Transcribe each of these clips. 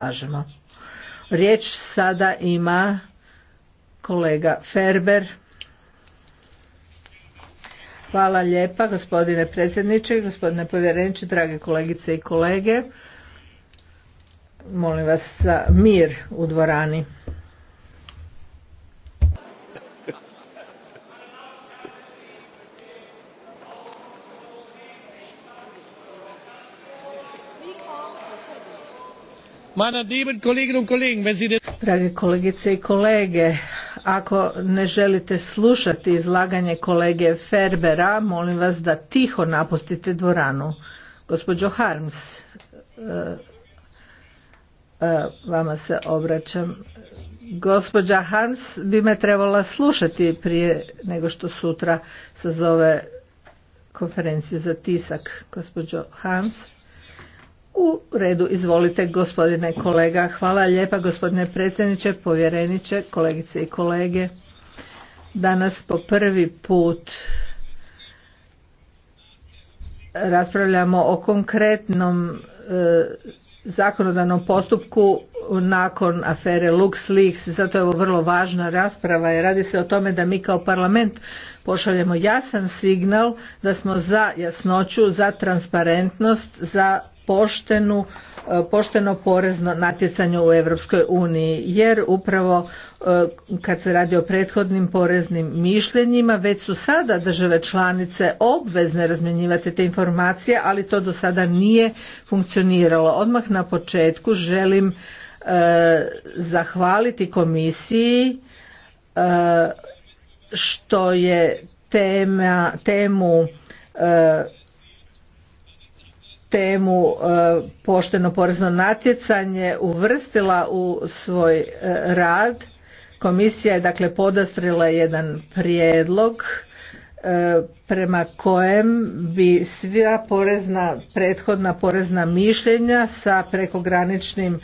slažemo Riječ sada ima kolega Ferber. Hvala lijepa gospodine predsjedniče, gospodine povjereniče, drage kolegice i kolege. Molim vas za mir u dvorani. Drage kolegice i kolege, ako ne želite slušati izlaganje kolege Ferbera, molim vas da tiho napustite dvoranu. Gospođo Harms, eh, eh, vama se obraćam. Gospođa Harms bi me trebala slušati prije nego što sutra sazove konferenciju za tisak. Gospođo Harms. U redu, izvolite gospodine kolega. Hvala lijepa gospodine predsjedniče, povjereniče, kolegice i kolege. Danas po prvi put raspravljamo o konkretnom e, zakonodavnom postupku nakon afere LuxLeaks, zato je ovo vrlo važna rasprava i radi se o tome da mi kao parlament pošaljemo jasan signal da smo za jasnoću, za transparentnost, za poštenu, e, pošteno porezno natjecanje u Europskoj uniji jer upravo e, kad se radi o prethodnim poreznim mišljenjima već su sada države članice obvezne razmjenjivati te informacije ali to do sada nije funkcioniralo. Odmah na početku želim e, zahvaliti komisiji što je tema, temu temu e, pošteno porezno natjecanje uvrstila u svoj e, rad. Komisija je dakle podastrila jedan prijedlog e, prema kojem bi sva porezna, prethodna porezna mišljenja sa prekograničnim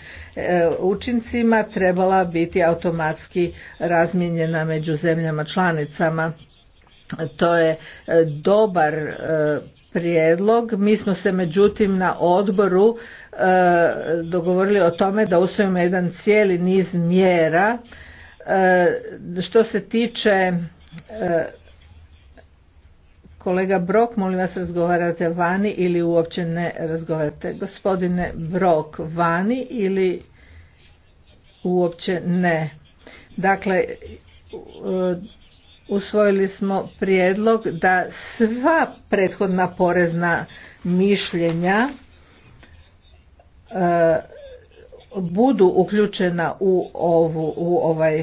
učincima trebala biti automatski razmijenjena među zemljama članicama. To je dobar prijedlog. Mi smo se međutim na odboru e, dogovorili o tome da usvojimo jedan cijeli niz mjera. E, što se tiče e, kolega Brok, molim vas razgovarate vani ili uopće ne razgovarate. Gospodine Brok, vani ili uopće ne. Dakle, usvojili smo prijedlog da sva prethodna porezna mišljenja e, budu uključena u, ovu, u ovaj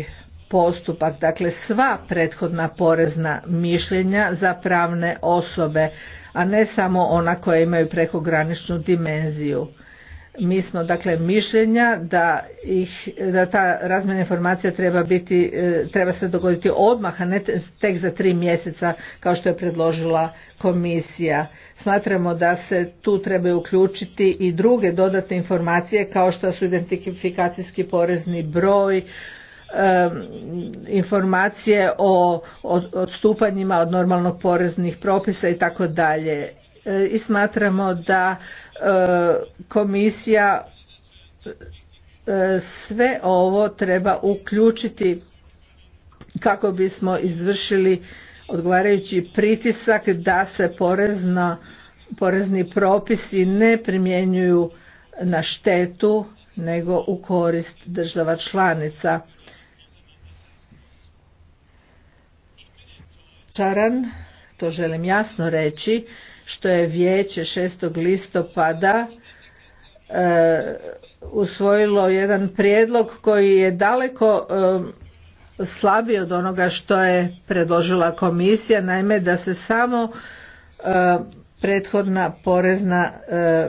postupak dakle sva prethodna porezna mišljenja za pravne osobe a ne samo ona koja imaju prekograničnu dimenziju mi smo dakle mišljenja da ih da ta razmjena informacija treba biti e, treba se dogoditi odmah a ne tek za tri mjeseca kao što je predložila komisija smatramo da se tu trebaju uključiti i druge dodatne informacije kao što su identifikacijski porezni broj e, informacije o odstupanjima od normalnog poreznih propisa i tako dalje E, i smatramo da e, komisija e, sve ovo treba uključiti kako bismo izvršili odgovarajući pritisak da se porezna, porezni propisi ne primjenjuju na štetu nego u korist država članica. Čaran, to želim jasno reći, što je vijeće 6. listopada e, usvojilo jedan prijedlog koji je daleko e, slabiji od onoga što je predložila komisija, naime da se samo e, prethodna porezna e,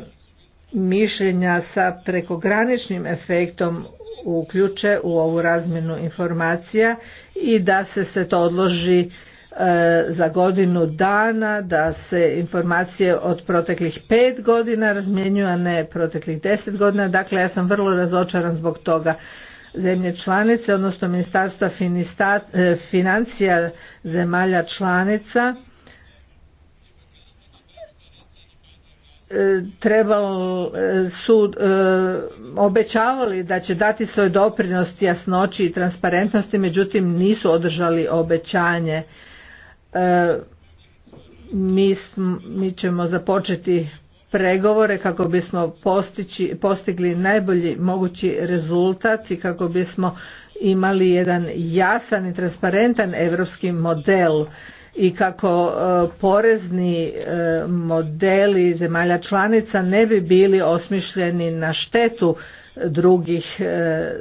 mišljenja sa prekograničnim efektom uključe u ovu razmjenu informacija i da se se to odloži E, za godinu dana, da se informacije od proteklih pet godina razmjenjuju, a ne proteklih deset godina. Dakle, ja sam vrlo razočaran zbog toga zemlje članice, odnosno ministarstva e, financija zemalja članica e, trebalo su obećavali da će dati svoj doprinos jasnoći i transparentnosti međutim nisu održali obećanje E, mi, mi ćemo započeti pregovore kako bismo postići, postigli najbolji mogući rezultat i kako bismo imali jedan jasan i transparentan europski model i kako e, porezni e, modeli zemalja članica ne bi bili osmišljeni na štetu drugih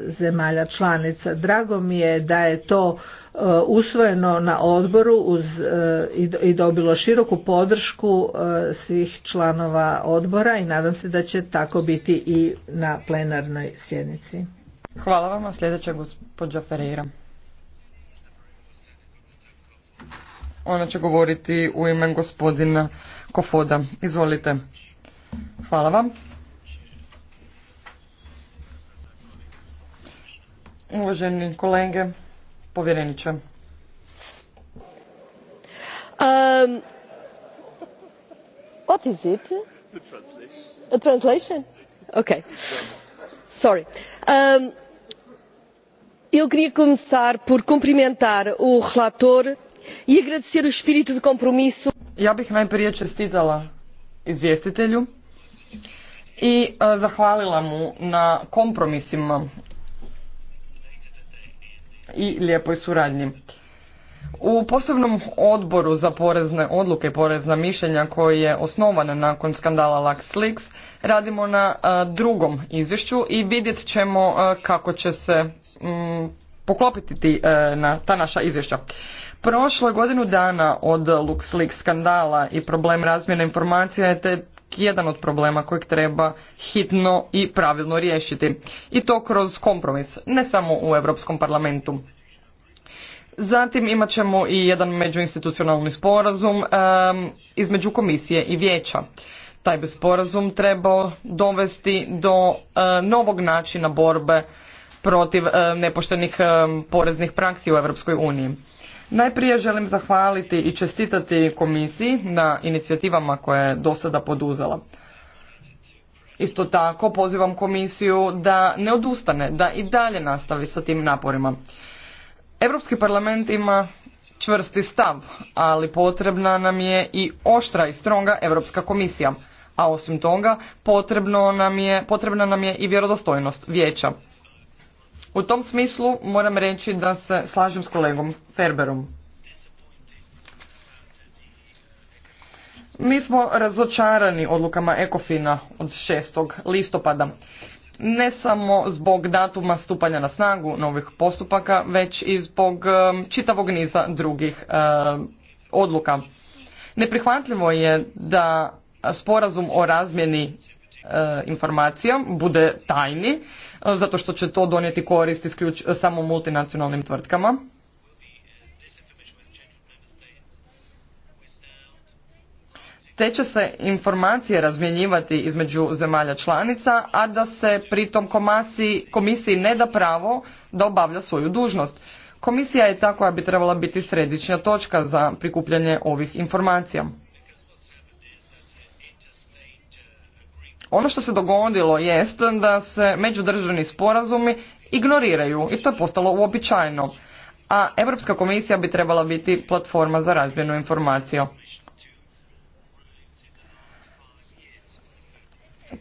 zemalja članica. Drago mi je da je to Uh, usvojeno na odboru uz, uh, i dobilo široku podršku uh, svih članova odbora i nadam se da će tako biti i na plenarnoj sjednici. Hvala vam, a sljedeća gospođa Ferreira. Ona će govoriti u ime gospodina Kofoda. Izvolite. Hvala vam. Uvaženi kolege, povjereniče. Um, what is it? The translation. A translation? Okay. Sorry. Um, eu queria começar por cumprimentar o relator e agradecer o espírito de compromisso. Ja bih najprije čestitala izvjestitelju i eh, zahvalila mu na kompromisima i lijepoj suradnji. U posebnom odboru za porezne odluke i porezna mišljenja koji je osnovan nakon skandala LuxLeaks radimo na e, drugom izvješću i vidjet ćemo e, kako će se mm, poklopiti e, na ta naša izvješća. Prošlo je godinu dana od LuxLeaks skandala i problem razmjene informacija te jedan od problema kojeg treba hitno i pravilno riješiti. I to kroz kompromis, ne samo u Europskom parlamentu. Zatim imat ćemo i jedan međuinstitucionalni sporazum između komisije i vijeća. Taj bi sporazum trebao dovesti do e, novog načina borbe protiv e, nepoštenih poreznih praksi u Europskoj uniji. Najprije želim zahvaliti i čestitati komisiji na inicijativama koje je do sada poduzela. Isto tako pozivam komisiju da ne odustane, da i dalje nastavi sa tim naporima. Europski parlament ima čvrsti stav, ali potrebna nam je i oštra i stronga Europska komisija. A osim toga, potrebno nam je, potrebna nam je i vjerodostojnost vijeća. U tom smislu moram reći da se slažem s kolegom Ferberom. Mi smo razočarani odlukama Ekofina od 6. listopada. Ne samo zbog datuma stupanja na snagu novih postupaka, već i zbog um, čitavog niza drugih um, odluka. Neprihvatljivo je da sporazum o razmjeni e, uh, informacija bude tajni E, zato što će to donijeti korist isključ, e, samo multinacionalnim tvrtkama. te će se informacije razmjenjivati između zemalja članica, a da se pritom komasi, komisiji ne da pravo da obavlja svoju dužnost. Komisija je ta koja bi trebala biti središnja točka za prikupljanje ovih informacija. Ono što se dogodilo jest da se međudržavni sporazumi ignoriraju i to je postalo uobičajeno. A Europska komisija bi trebala biti platforma za razmjenu informacija.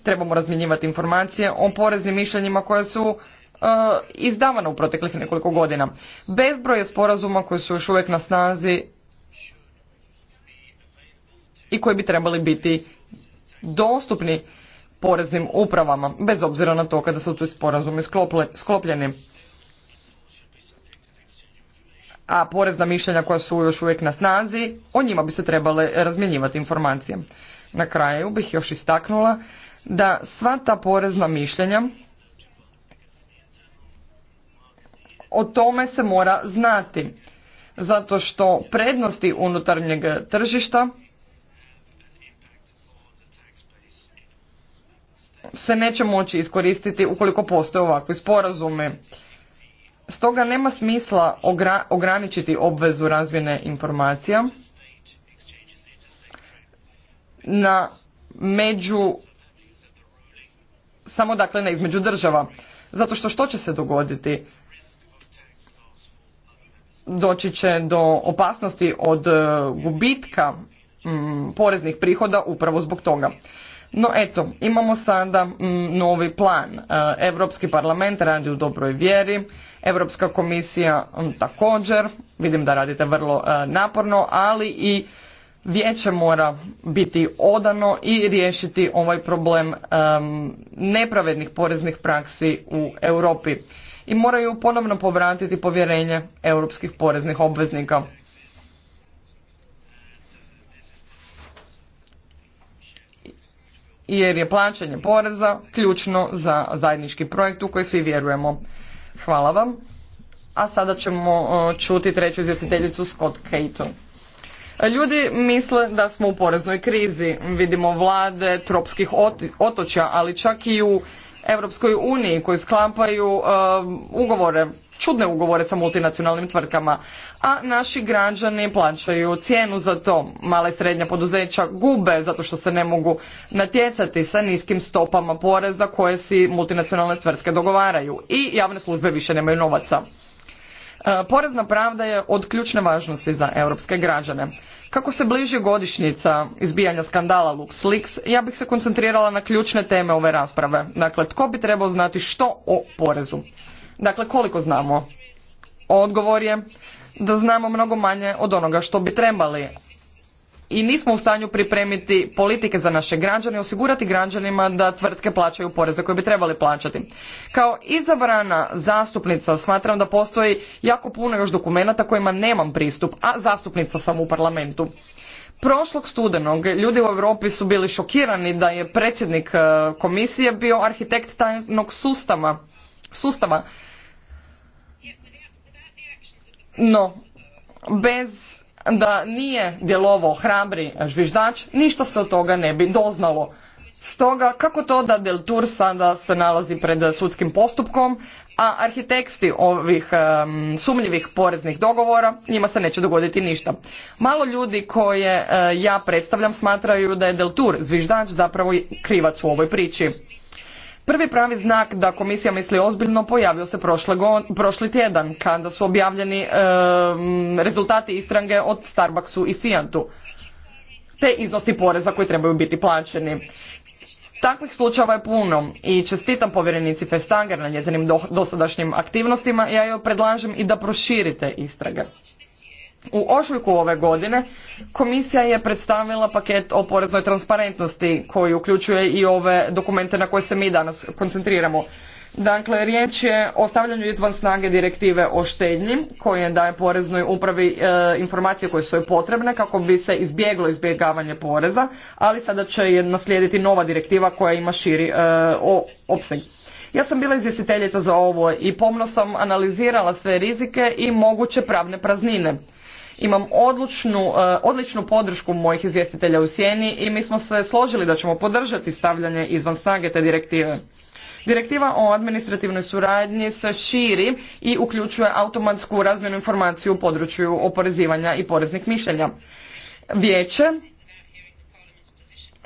Trebamo razmjenjivati informacije o poreznim mišljenjima koje su e, izdavana u proteklih nekoliko godina. Bezbroj je sporazuma koji su još uvijek na snazi i koji bi trebali biti dostupni poreznim upravama, bez obzira na to kada su tu sporazumi sklopljeni. A porezna mišljenja koja su još uvijek na snazi, o njima bi se trebale razmjenjivati informacije. Na kraju bih još istaknula da sva ta porezna mišljenja o tome se mora znati zato što prednosti unutarnjeg tržišta se neće moći iskoristiti ukoliko postoje ovakvi sporazumi. Stoga nema smisla ograničiti obvezu razmjene informacija na među samo dakle ne između država. Zato što što će se dogoditi? Doći će do opasnosti od e, gubitka mm, poreznih prihoda upravo zbog toga. No eto, imamo sada mm, novi plan. Europski parlament radi u dobroj vjeri, Europska komisija mm, također, vidim da radite vrlo e, naporno, ali i vijeće mora biti odano i riješiti ovaj problem e, nepravednih poreznih praksi u Europi i moraju ponovno povratiti povjerenje europskih poreznih obveznika. jer je plaćanje poreza ključno za zajednički projekt u koji svi vjerujemo. Hvala vam. A sada ćemo e, čuti treću izvjestiteljicu Scott Cato. Ljudi misle da smo u poreznoj krizi. Vidimo vlade tropskih otočja, ali čak i u Europskoj uniji koji sklapaju e, ugovore, čudne ugovore sa multinacionalnim tvrtkama a naši građani plaćaju cijenu za to. Male i srednja poduzeća gube zato što se ne mogu natjecati sa niskim stopama poreza koje si multinacionalne tvrtke dogovaraju i javne službe više nemaju novaca. E, porezna pravda je od ključne važnosti za europske građane. Kako se bliži godišnjica izbijanja skandala LuxLeaks, ja bih se koncentrirala na ključne teme ove rasprave. Dakle, tko bi trebao znati što o porezu? Dakle, koliko znamo? Odgovor je da znamo mnogo manje od onoga što bi trebali i nismo u stanju pripremiti politike za naše građane, osigurati građanima da tvrtke plaćaju poreze koje bi trebali plaćati. Kao izabrana zastupnica smatram da postoji jako puno još dokumenata kojima nemam pristup, a zastupnica sam u parlamentu. Prošlog studenog ljudi u Europi su bili šokirani da je predsjednik e, komisije bio arhitekt tajnog sustava, sustava no, bez da nije djelovao hrabri žviždač, ništa se od toga ne bi doznalo. Stoga, kako to da Deltur sada se nalazi pred sudskim postupkom, a arhiteksti ovih um, sumljivih poreznih dogovora, njima se neće dogoditi ništa. Malo ljudi koje e, ja predstavljam smatraju da je Deltur zviždač zapravo krivac u ovoj priči. Prvi pravi znak da komisija misli ozbiljno pojavio se prošli tjedan kada su objavljeni rezultati istrange od Starbucksu i Fiatu te iznosi poreza koji trebaju biti plaćeni. Takvih slučajeva je puno i čestitam povjerenici Festanger na njezinim dosadašnjim aktivnostima. Ja joj predlažem i da proširite istrage. U ožujku ove godine komisija je predstavila paket o poreznoj transparentnosti koji uključuje i ove dokumente na koje se mi danas koncentriramo. Dakle, riječ je o stavljanju izvan snage direktive o štednji koje daje poreznoj upravi e, informacije koje su joj potrebne kako bi se izbjeglo izbjegavanje poreza, ali sada će je naslijediti nova direktiva koja ima širi e, opseg. Ja sam bila izvjestiteljica za ovo i pomno sam analizirala sve rizike i moguće pravne praznine imam odlučnu, e, odličnu podršku mojih izvjestitelja u sjeni i mi smo se složili da ćemo podržati stavljanje izvan snage te direktive. Direktiva o administrativnoj suradnji se širi i uključuje automatsku razmjenu informaciju u području oporezivanja i poreznih mišljenja. Vijeće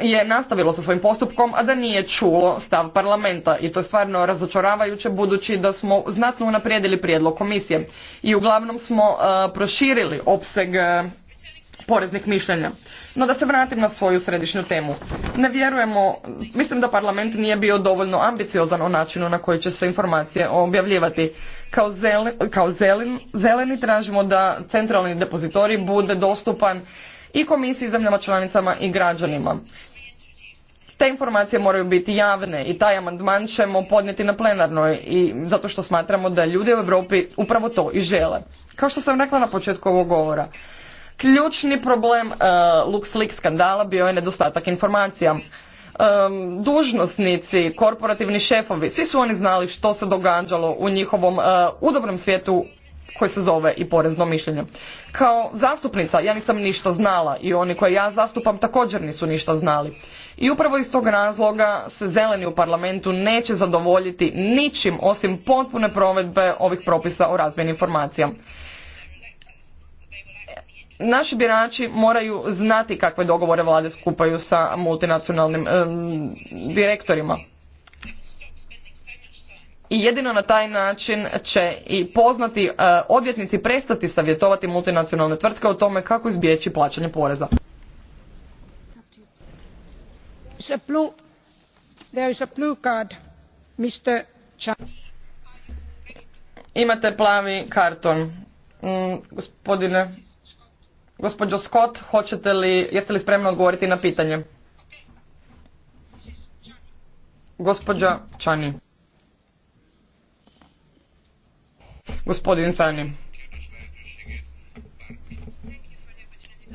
je nastavilo sa svojim postupkom, a da nije čulo stav parlamenta. I to je stvarno razočaravajuće budući da smo znatno unaprijedili prijedlog komisije. I uglavnom smo uh, proširili opseg e, poreznih mišljenja. No da se vratim na svoju središnju temu. Ne vjerujemo, mislim da parlament nije bio dovoljno ambiciozan o načinu na koji će se informacije objavljivati. Kao, kao zeleni tražimo da centralni depozitorij bude dostupan i komisiji, zemljama članicama i građanima. Te informacije moraju biti javne i taj amandman ćemo podnijeti na plenarnoj i zato što smatramo da ljudi u Europi upravo to i žele. Kao što sam rekla na početku ovog govora, ključni problem uh, LuxLeaks skandala bio je nedostatak informacija. E, dužnosnici, korporativni šefovi, svi su oni znali što se događalo u njihovom e, udobnom svijetu koji se zove i porezno mišljenje. Kao zastupnica ja nisam ništa znala i oni koje ja zastupam također nisu ništa znali. I upravo iz tog razloga se zeleni u parlamentu neće zadovoljiti ničim osim potpune provedbe ovih propisa o razmjeni informacija. Naši birači moraju znati kakve dogovore vlade skupaju sa multinacionalnim direktorima. I jedino na taj način će i poznati e, odvjetnici prestati savjetovati multinacionalne tvrtke o tome kako izbjeći plaćanje poreza. Imate plavi karton. Mm, gospodine, gospođo Scott, hoćete li, jeste li spremni odgovoriti na pitanje? Gospođa Chani. Gospodin Chani.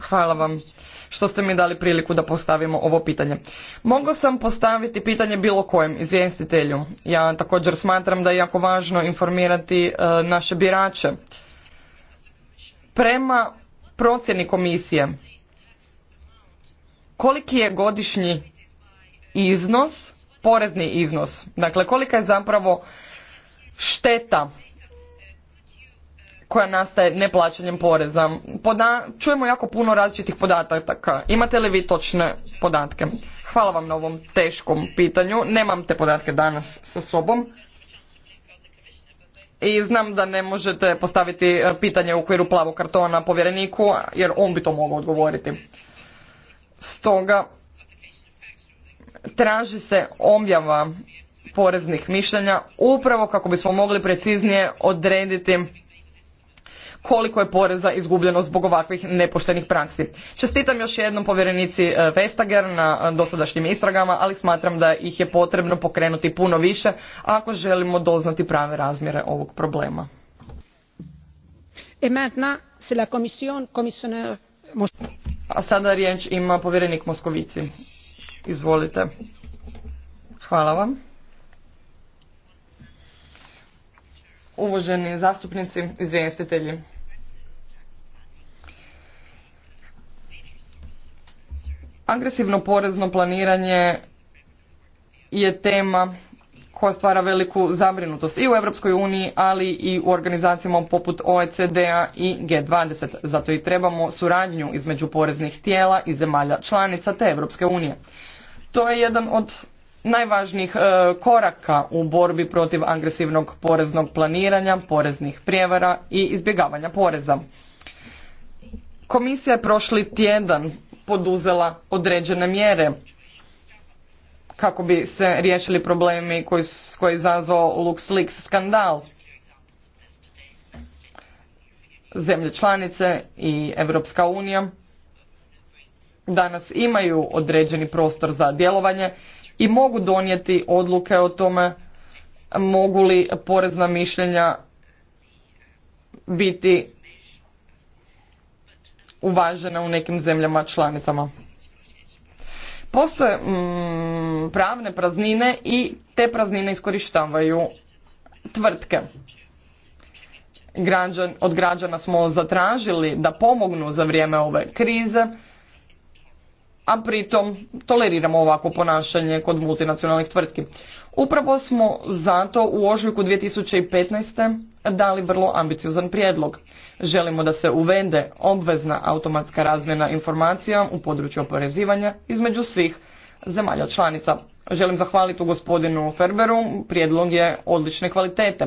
Hvala vam što ste mi dali priliku da postavimo ovo pitanje. Mogu sam postaviti pitanje bilo kojem izvjestitelju. Ja također smatram da je jako važno informirati e, naše birače. Prema procjeni komisije, koliki je godišnji iznos, porezni iznos, dakle kolika je zapravo šteta koja nastaje neplaćanjem poreza. čujemo jako puno različitih podataka. Imate li vi točne podatke? Hvala vam na ovom teškom pitanju. Nemam te podatke danas sa sobom. I znam da ne možete postaviti e, pitanje u okviru plavog kartona povjereniku, jer on bi to mogao odgovoriti. Stoga, traži se objava poreznih mišljenja upravo kako bismo mogli preciznije odrediti koliko je poreza izgubljeno zbog ovakvih nepoštenih praksi. Čestitam još jednom povjerenici e, Vestager na e, dosadašnjim istragama, ali smatram da ih je potrebno pokrenuti puno više ako želimo doznati prave razmjere ovog problema. E, A sada riječ ima povjerenik Moskovici. Izvolite. Hvala vam. uvaženi zastupnici, izvjestitelji. Agresivno porezno planiranje je tema koja stvara veliku zabrinutost i u Europskoj uniji, ali i u organizacijama poput OECD-a i G20. Zato i trebamo suradnju između poreznih tijela i zemalja članica te Europske unije. To je jedan od najvažnijih e, koraka u borbi protiv agresivnog poreznog planiranja, poreznih prijevara i izbjegavanja poreza. Komisija je prošli tjedan poduzela određene mjere kako bi se riješili problemi koji, je izazvao LuxLeaks skandal. Zemlje članice i Europska unija danas imaju određeni prostor za djelovanje i mogu donijeti odluke o tome mogu li porezna mišljenja biti uvažena u nekim zemljama članicama. Postoje mm, pravne praznine i te praznine iskorištavaju tvrtke. od građana smo zatražili da pomognu za vrijeme ove krize a pritom toleriramo ovako ponašanje kod multinacionalnih tvrtki. Upravo smo zato u ožujku 2015. dali vrlo ambiciozan prijedlog. Želimo da se uvede obvezna automatska razmjena informacija u području oporezivanja između svih zemalja članica. Želim zahvaliti gospodinu Ferberu, prijedlog je odlične kvalitete.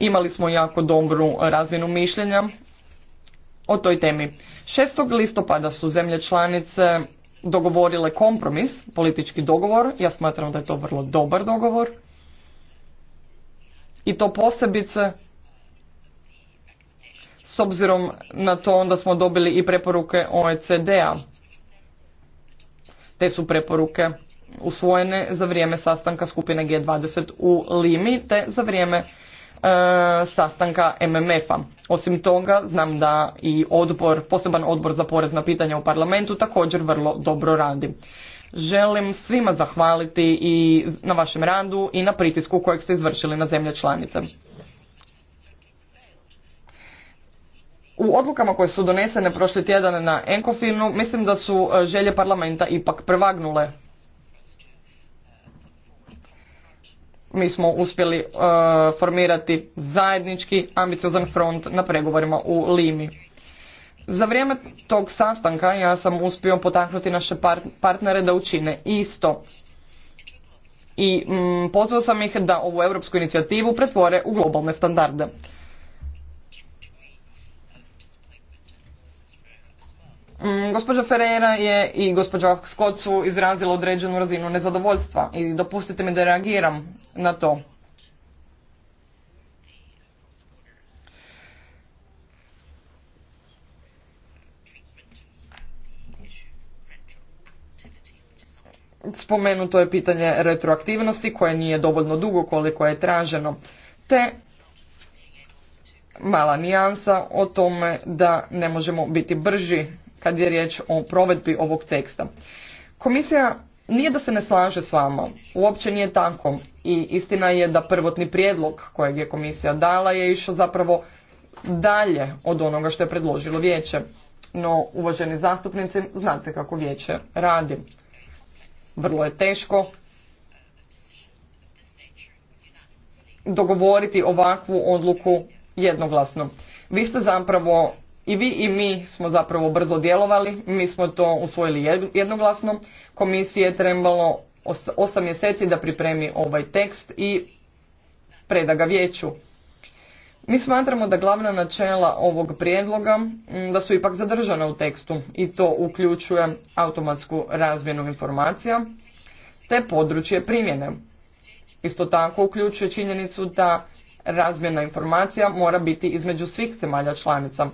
Imali smo jako dobru razmjenu mišljenja o toj temi. 6. listopada su zemlje članice dogovorile kompromis, politički dogovor. Ja smatram da je to vrlo dobar dogovor. I to posebice s obzirom na to onda smo dobili i preporuke OECD-a. Te su preporuke usvojene za vrijeme sastanka skupine G20 u Limi te za vrijeme E, sastanka MMF-a. Osim toga, znam da i odbor, poseban odbor za porezna pitanja u parlamentu također vrlo dobro radi. Želim svima zahvaliti i na vašem radu i na pritisku kojeg ste izvršili na zemlje članice. U odlukama koje su donesene prošli tjedan na Enkofinu, mislim da su e, želje parlamenta ipak prevagnule mi smo uspjeli e, formirati zajednički ambiciozan front na pregovorima u Limi. Za vrijeme tog sastanka ja sam uspio potaknuti naše partnere da učine isto i mm, pozvao sam ih da ovu europsku inicijativu pretvore u globalne standarde. Mm, gospođa Ferreira je i gospođa Scott su izrazila određenu razinu nezadovoljstva i dopustite mi da reagiram na to. Spomenuto je pitanje retroaktivnosti koje nije dovoljno dugo koliko je traženo, te mala nijansa o tome da ne možemo biti brži kad je riječ o provedbi ovog teksta. Komisija nije da se ne slaže s vama, uopće nije tako i istina je da prvotni prijedlog kojeg je komisija dala je išao zapravo dalje od onoga što je predložilo vijeće. No, uvaženi zastupnici, znate kako vijeće radi. Vrlo je teško dogovoriti ovakvu odluku jednoglasno. Vi ste zapravo i vi i mi smo zapravo brzo djelovali, mi smo to usvojili jednoglasno. Komisije je trebalo osam mjeseci da pripremi ovaj tekst i preda ga vijeću. Mi smatramo da glavna načela ovog prijedloga da su ipak zadržana u tekstu i to uključuje automatsku razmjenu informacija te područje primjene. Isto tako uključuje činjenicu da razmjena informacija mora biti između svih zemalja članica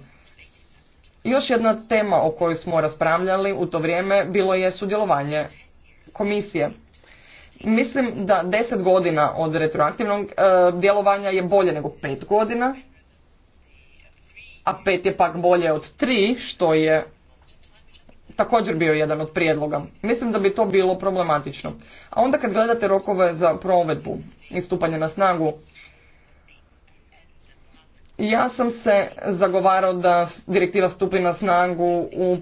još jedna tema o kojoj smo raspravljali u to vrijeme bilo je sudjelovanje komisije. Mislim da deset godina od retroaktivnog e, djelovanja je bolje nego pet godina, a pet je pak bolje od tri, što je također bio jedan od prijedloga. Mislim da bi to bilo problematično. A onda kad gledate rokove za provedbu i stupanje na snagu, ja sam se zagovarao da direktiva stupi na snagu u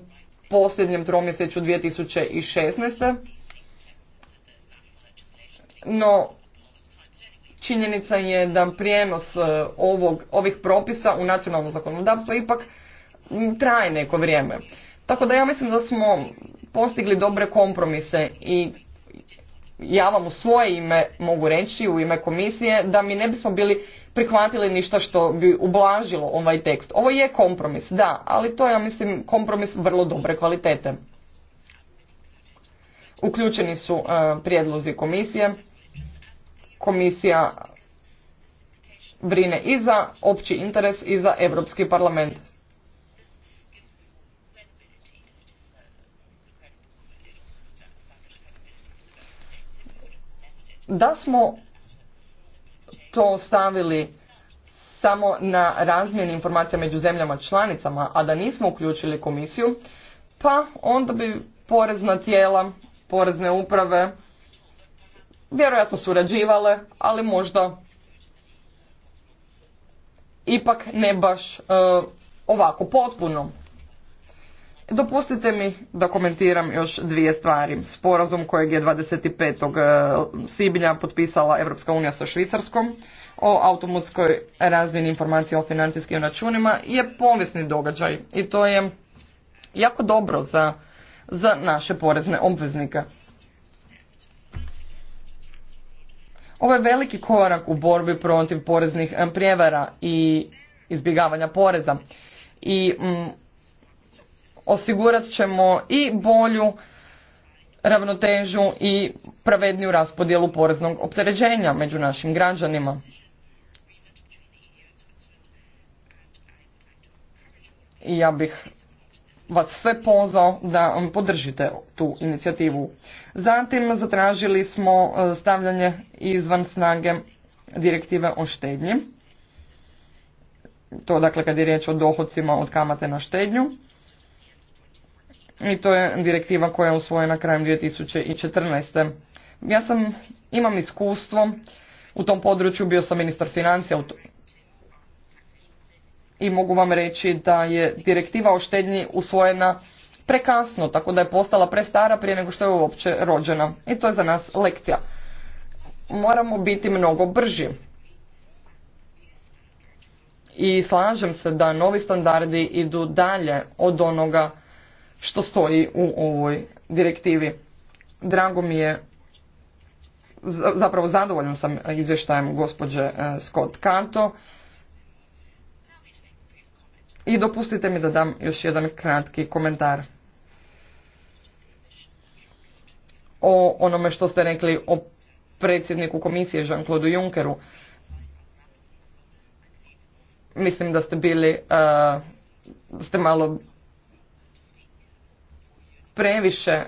posljednjem tromjeseću 2016. No, činjenica je da prijenos e, ovog, ovih propisa u nacionalno zakonodavstvo ipak traje neko vrijeme. Tako da ja mislim da smo postigli dobre kompromise i ja vam u svoje ime mogu reći, u ime komisije, da mi ne bismo bili prihvatili ništa što bi ublažilo ovaj tekst. Ovo je kompromis, da, ali to je, ja mislim, kompromis vrlo dobre kvalitete. Uključeni su e, prijedlozi komisije. Komisija brine i za opći interes i za Europski parlament. Da smo to stavili samo na razmjeni informacija među zemljama članicama, a da nismo uključili komisiju, pa onda bi porezna tijela, porezne uprave vjerojatno surađivale, ali možda ipak ne baš e, ovako potpuno. Dopustite mi da komentiram još dvije stvari. Sporazum kojeg je 25. Eh, svibnja potpisala Europska unija sa Švicarskom o automatskoj razmjeni informacija o financijskim računima je povijesni događaj i to je jako dobro za, za naše porezne obveznike. Ovo je veliki korak u borbi protiv poreznih eh, prijevara i izbjegavanja poreza. I mm, osigurat ćemo i bolju ravnotežu i pravedniju raspodjelu poreznog opterećenja među našim građanima. I ja bih vas sve pozvao da podržite tu inicijativu. Zatim zatražili smo e, stavljanje izvan snage direktive o štednji. To dakle kad je riječ o dohodcima od kamate na štednju i to je direktiva koja je usvojena krajem 2014. Ja sam, imam iskustvo u tom području, bio sam ministar financija i mogu vam reći da je direktiva o štednji usvojena prekasno, tako da je postala prestara prije nego što je uopće rođena. I to je za nas lekcija. Moramo biti mnogo brži. I slažem se da novi standardi idu dalje od onoga što stoji u ovoj direktivi. Drago mi je, zapravo zadovoljan sam izvještajem gospođe e, Scott Kanto. I dopustite mi da dam još jedan kratki komentar. O onome što ste rekli o predsjedniku komisije Jean-Claude Junckeru. Mislim da ste bili, e, ste malo previše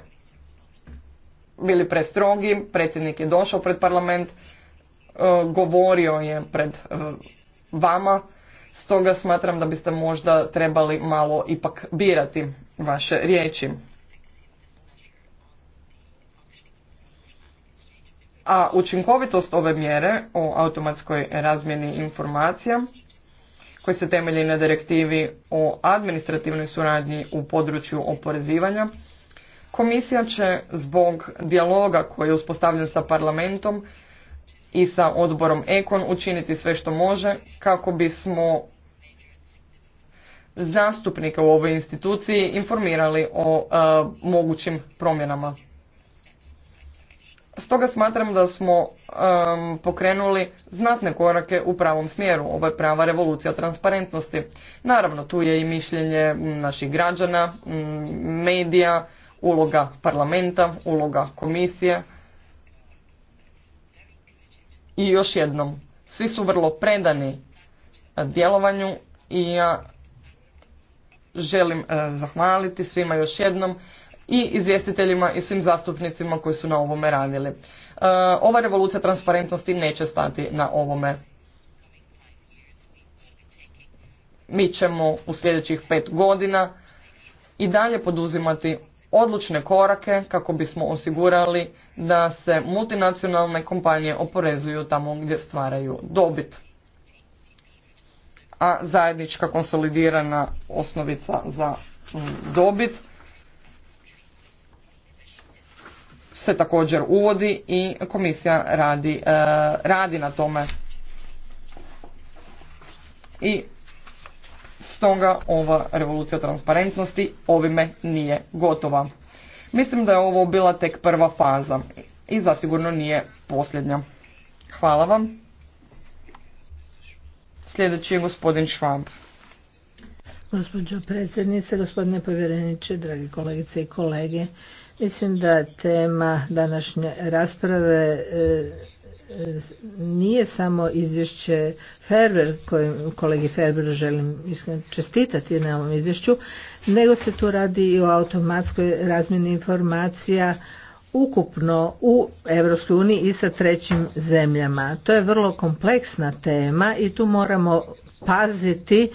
bili prestrogi, predsjednik je došao pred parlament, e, govorio je pred e, vama, stoga smatram da biste možda trebali malo ipak birati vaše riječi. A učinkovitost ove mjere o automatskoj razmjeni informacija koji se temelji na direktivi o administrativnoj suradnji u području oporezivanja Komisija će zbog dijaloga koji je uspostavljen sa parlamentom i sa odborom Ekon učiniti sve što može kako bismo zastupnike u ovoj instituciji informirali o e, mogućim promjenama. Stoga smatram da smo e, pokrenuli znatne korake u pravom smjeru. Ovo je prava revolucija transparentnosti. Naravno, tu je i mišljenje naših građana, medija, uloga parlamenta, uloga komisije. I još jednom, svi su vrlo predani e, djelovanju i ja želim e, zahvaliti svima još jednom i izvjestiteljima i svim zastupnicima koji su na ovome radili. E, ova revolucija transparentnosti neće stati na ovome. Mi ćemo u sljedećih pet godina i dalje poduzimati odlučne korake kako bismo osigurali da se multinacionalne kompanije oporezuju tamo gdje stvaraju dobit. A zajednička konsolidirana osnovica za mm, dobit se također uvodi i komisija radi, e, radi na tome. I Stoga ova revolucija transparentnosti ovime nije gotova. Mislim da je ovo bila tek prva faza i zasigurno nije posljednja. Hvala vam. Sljedeći je gospodin Švamp. Gospođo predsjednice, gospodine povjereniče, dragi kolegice i kolege, mislim da tema današnje rasprave e, nije samo izvješće Ferber, kojem kolegi Ferberu želim čestitati na ovom izvješću, nego se tu radi i o automatskoj razmjeni informacija ukupno u EU i sa trećim zemljama. To je vrlo kompleksna tema i tu moramo paziti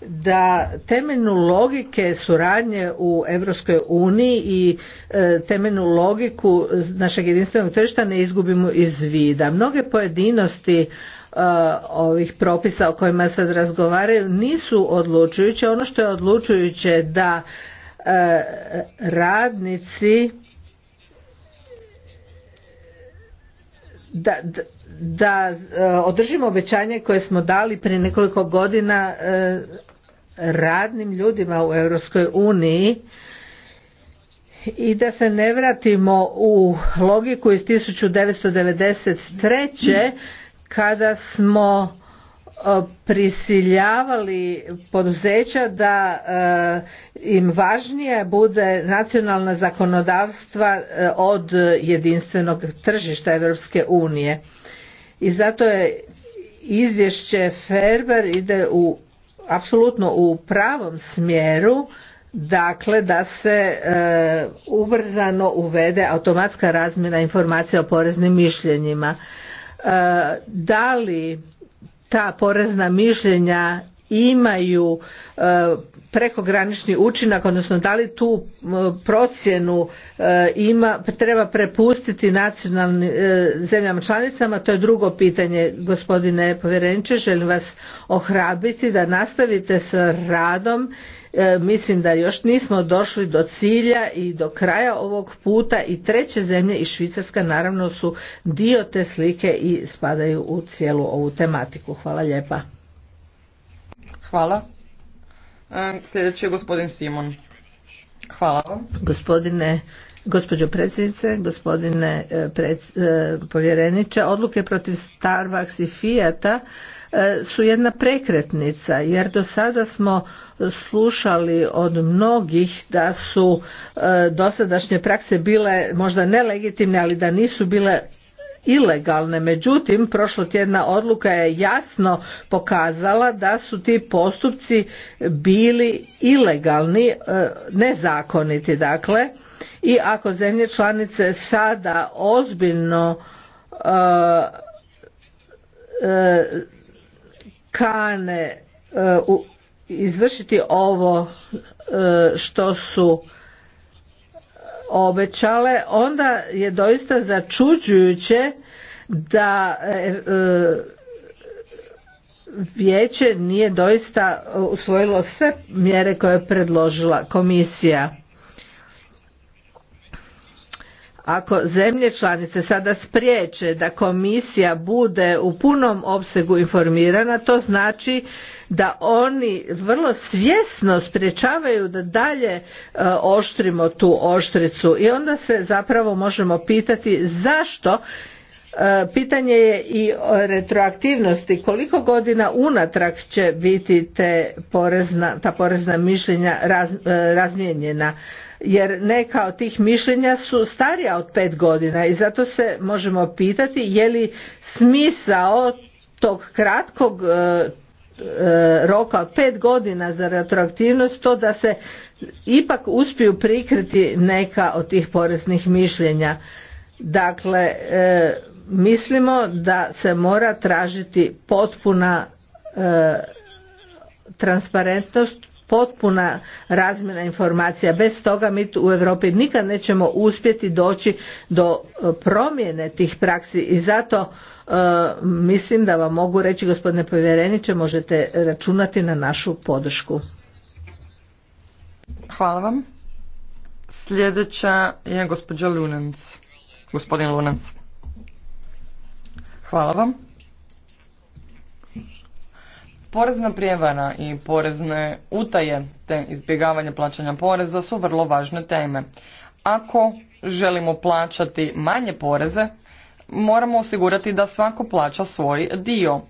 da temeljnu logike suradnje u Europskoj uniji i e, temeljnu logiku našeg jedinstvenog tržišta ne izgubimo iz vida. Mnoge pojedinosti e, ovih propisa o kojima sad razgovaraju nisu odlučujuće. Ono što je odlučujuće da e, radnici da, da, da održimo obećanje koje smo dali prije nekoliko godina radnim ljudima u Europskoj uniji i da se ne vratimo u logiku iz 1993. kada smo e, prisiljavali poduzeća da e, im važnije bude nacionalna zakonodavstva e, od jedinstvenog tržišta Europske unije. I zato je izvješće Ferber ide u apsolutno u pravom smjeru dakle da se e, ubrzano uvede automatska razmjena informacija o poreznim mišljenjima e, da li ta porezna mišljenja imaju e, prekogranični učinak odnosno da li tu procjenu e, ima treba prepustiti nacionalnim e, zemljama članicama to je drugo pitanje gospodine povjereniče želim vas ohrabiti da nastavite sa radom mislim da još nismo došli do cilja i do kraja ovog puta i treće zemlje i Švicarska naravno su dio te slike i spadaju u cijelu ovu tematiku hvala lijepa Hvala. E, sljedeći je gospodin Simon. Hvala vam. Gospodine Gospođo predsjednice, gospodine e, e, povjereniče, odluke protiv Starbucks i Fijata su jedna prekretnica jer do sada smo slušali od mnogih da su dosadašnje prakse bile možda nelegitimne, ali da nisu bile ilegalne. Međutim, prošlo tjedna odluka je jasno pokazala da su ti postupci bili ilegalni, e, nezakoniti dakle. I ako zemlje članice sada ozbiljno e, e, kane izvršiti ovo što su obećale, onda je doista začuđujuće da e, e, vijeće nije doista usvojilo sve mjere koje je predložila komisija. Ako zemlje članice sada spriječe da komisija bude u punom opsegu informirana, to znači da oni vrlo svjesno sprječavaju da dalje e, oštrimo tu oštricu i onda se zapravo možemo pitati zašto e, pitanje je i retroaktivnosti koliko godina unatrag će biti ta porezna mišljenja e, razmijenjena jer neka od tih mišljenja su starija od pet godina i zato se možemo pitati je li smisao tog kratkog E, roka od pet godina za retroaktivnost to da se ipak uspiju prikriti neka od tih poreznih mišljenja. Dakle, e, mislimo da se mora tražiti potpuna e, transparentnost, potpuna razmjena informacija. Bez toga mi u Europi nikad nećemo uspjeti doći do promjene tih praksi i zato E, mislim da vam mogu reći gospodine povjereniče možete računati na našu podršku. Hvala vam. Sljedeća je gospođa lunanc Gospodin Hvala vam. Porezna prijevara i porezne utaje te izbjegavanje plaćanja poreza su vrlo važne teme. Ako želimo plaćati manje poreze, moramo osigurati da svako plaća svoj dio.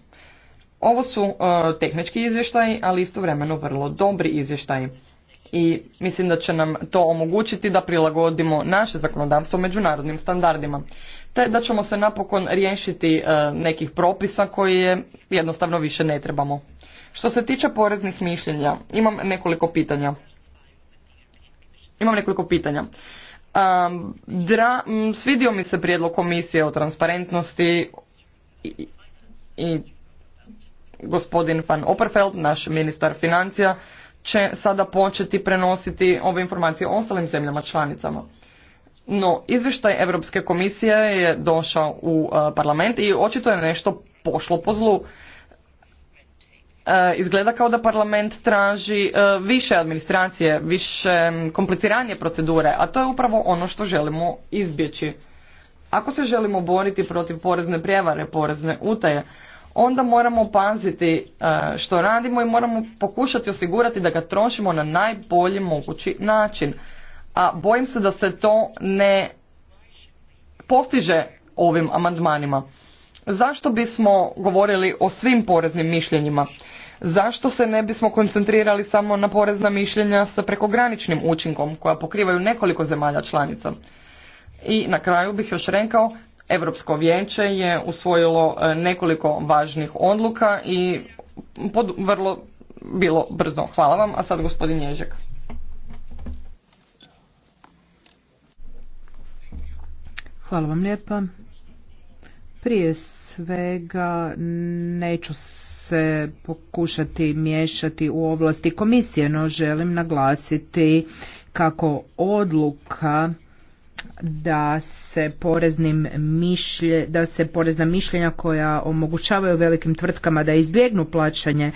Ovo su e, tehnički izvještaji, ali istovremeno vrlo dobri izvještaji. I mislim da će nam to omogućiti da prilagodimo naše zakonodavstvo međunarodnim standardima. Te da ćemo se napokon riješiti e, nekih propisa koje jednostavno više ne trebamo. Što se tiče poreznih mišljenja, imam nekoliko pitanja. Imam nekoliko pitanja. Dra, svidio mi se prijedlog komisije o transparentnosti i, gospodin Van Opperfeld, naš ministar financija, će sada početi prenositi ove informacije o ostalim zemljama članicama. No, izvještaj Europske komisije je došao u eh, parlament i očito je nešto pošlo po zlu. E, izgleda kao da parlament traži e, više administracije, više kompliciranije procedure, a to je upravo ono što želimo izbjeći. Ako se želimo boriti protiv porezne prijevare, porezne utaje, onda moramo paziti e, što radimo i moramo pokušati osigurati da ga trošimo na najbolji mogući način. A bojim se da se to ne postiže ovim amandmanima. Zašto bismo govorili o svim poreznim mišljenjima? zašto se ne bismo koncentrirali samo na porezna mišljenja sa prekograničnim učinkom koja pokrivaju nekoliko zemalja članica. I na kraju bih još rekao, Europsko vijeće je usvojilo e, nekoliko važnih odluka i vrlo bilo brzo. Hvala vam, a sad gospodin Ježek. Hvala vam lijepa. Prije svega neću se pokušati miješati u ovlasti komisije, no želim naglasiti kako odluka da se poreznim mišlje, da se porezna mišljenja koja omogućavaju velikim tvrtkama da izbjegnu plaćanje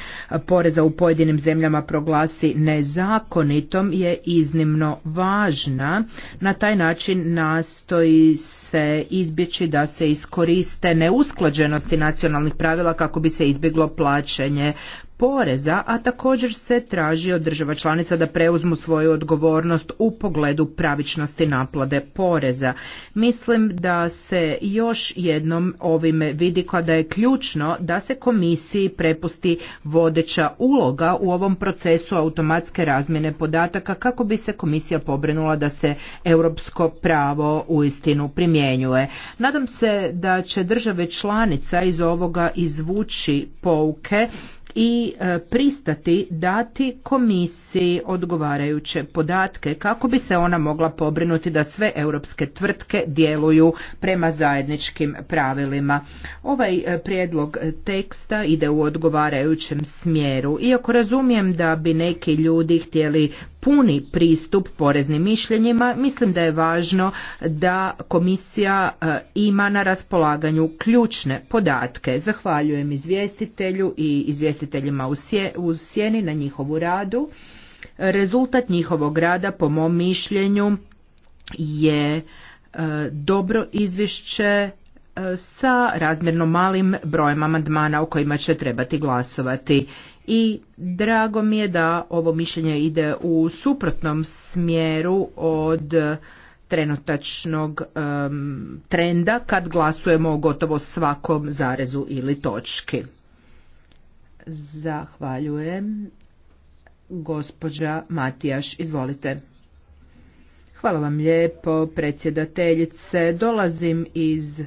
poreza u pojedinim zemljama proglasi nezakonitom je iznimno važna. Na taj način nastoji se izbjeći da se iskoriste neusklađenosti nacionalnih pravila kako bi se izbjeglo plaćanje poreza, a također se traži od država članica da preuzmu svoju odgovornost u pogledu pravičnosti naplade poreza. Mislim da se još jednom ovime vidi kada je ključno da se komisiji prepusti vodeća uloga u ovom procesu automatske razmjene podataka kako bi se komisija pobrinula da se europsko pravo uistinu primjenjuje. Nadam se da će države članica iz ovoga izvući pouke i e, pristati dati komisiji odgovarajuće podatke kako bi se ona mogla pobrinuti da sve europske tvrtke djeluju prema zajedničkim pravilima. Ovaj e, prijedlog teksta ide u odgovarajućem smjeru. Iako razumijem da bi neki ljudi htjeli puni pristup poreznim mišljenjima, mislim da je važno da komisija e, ima na raspolaganju ključne podatke. Zahvaljujem izvjestitelju i izvjestiteljima u sjeni na njihovu radu. Rezultat njihovog rada, po mom mišljenju, je e, dobro izvješće e, sa razmjerno malim brojem amandmana o kojima će trebati glasovati i drago mi je da ovo mišljenje ide u suprotnom smjeru od trenutačnog trenda kad glasujemo o gotovo svakom zarezu ili točki. Zahvaljujem. Gospođa Matijaš, izvolite. Hvala vam lijepo, predsjedateljice. Dolazim iz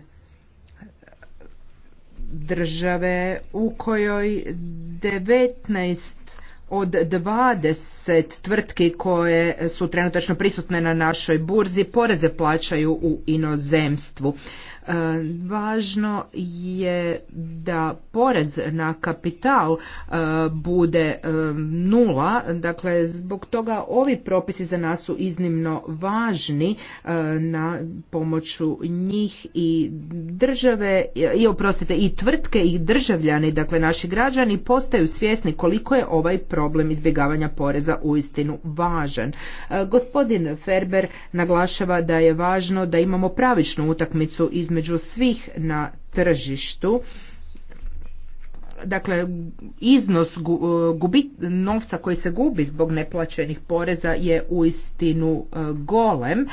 države u kojoj 19 od 20 tvrtki koje su trenutačno prisutne na našoj burzi poreze plaćaju u inozemstvu. Važno je da porez na kapital e, bude e, nula, dakle zbog toga ovi propisi za nas su iznimno važni e, na pomoću njih i države i oprostite i tvrtke i državljani, dakle naši građani postaju svjesni koliko je ovaj problem izbjegavanja poreza uistinu važan. Gospodin Ferber naglašava da je važno da imamo pravičnu utakmicu između između svih na tržištu dakle iznos e, novca koji se gubi zbog neplaćenih poreza je uistinu e, golem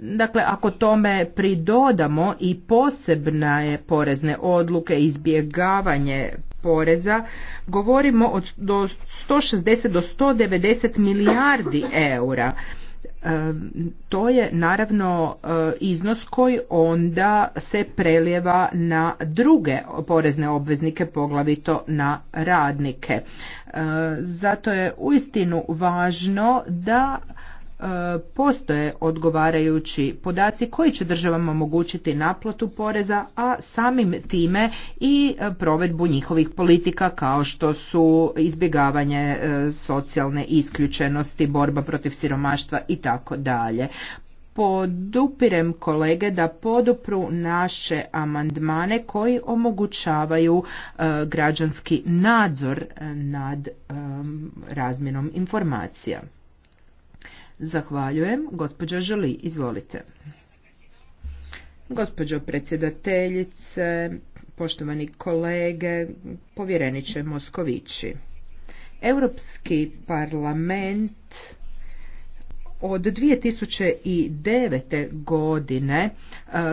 Dakle, ako tome pridodamo i posebne porezne odluke, izbjegavanje poreza, govorimo od do 160 do 190 milijardi eura to je naravno e, iznos koji onda se prelijeva na druge porezne obveznike, poglavito na radnike. E, zato je uistinu važno da postoje odgovarajući podaci koji će državama omogućiti naplatu poreza, a samim time i e, provedbu njihovih politika kao što su izbjegavanje e, socijalne isključenosti, borba protiv siromaštva i tako dalje podupirem kolege da podupru naše amandmane koji omogućavaju e, građanski nadzor nad razmjenom informacija. Zahvaljujem. Gospođa Želi, izvolite. Gospođo predsjedateljice, poštovani kolege, povjereniče Moskovići. Europski parlament od 2009. godine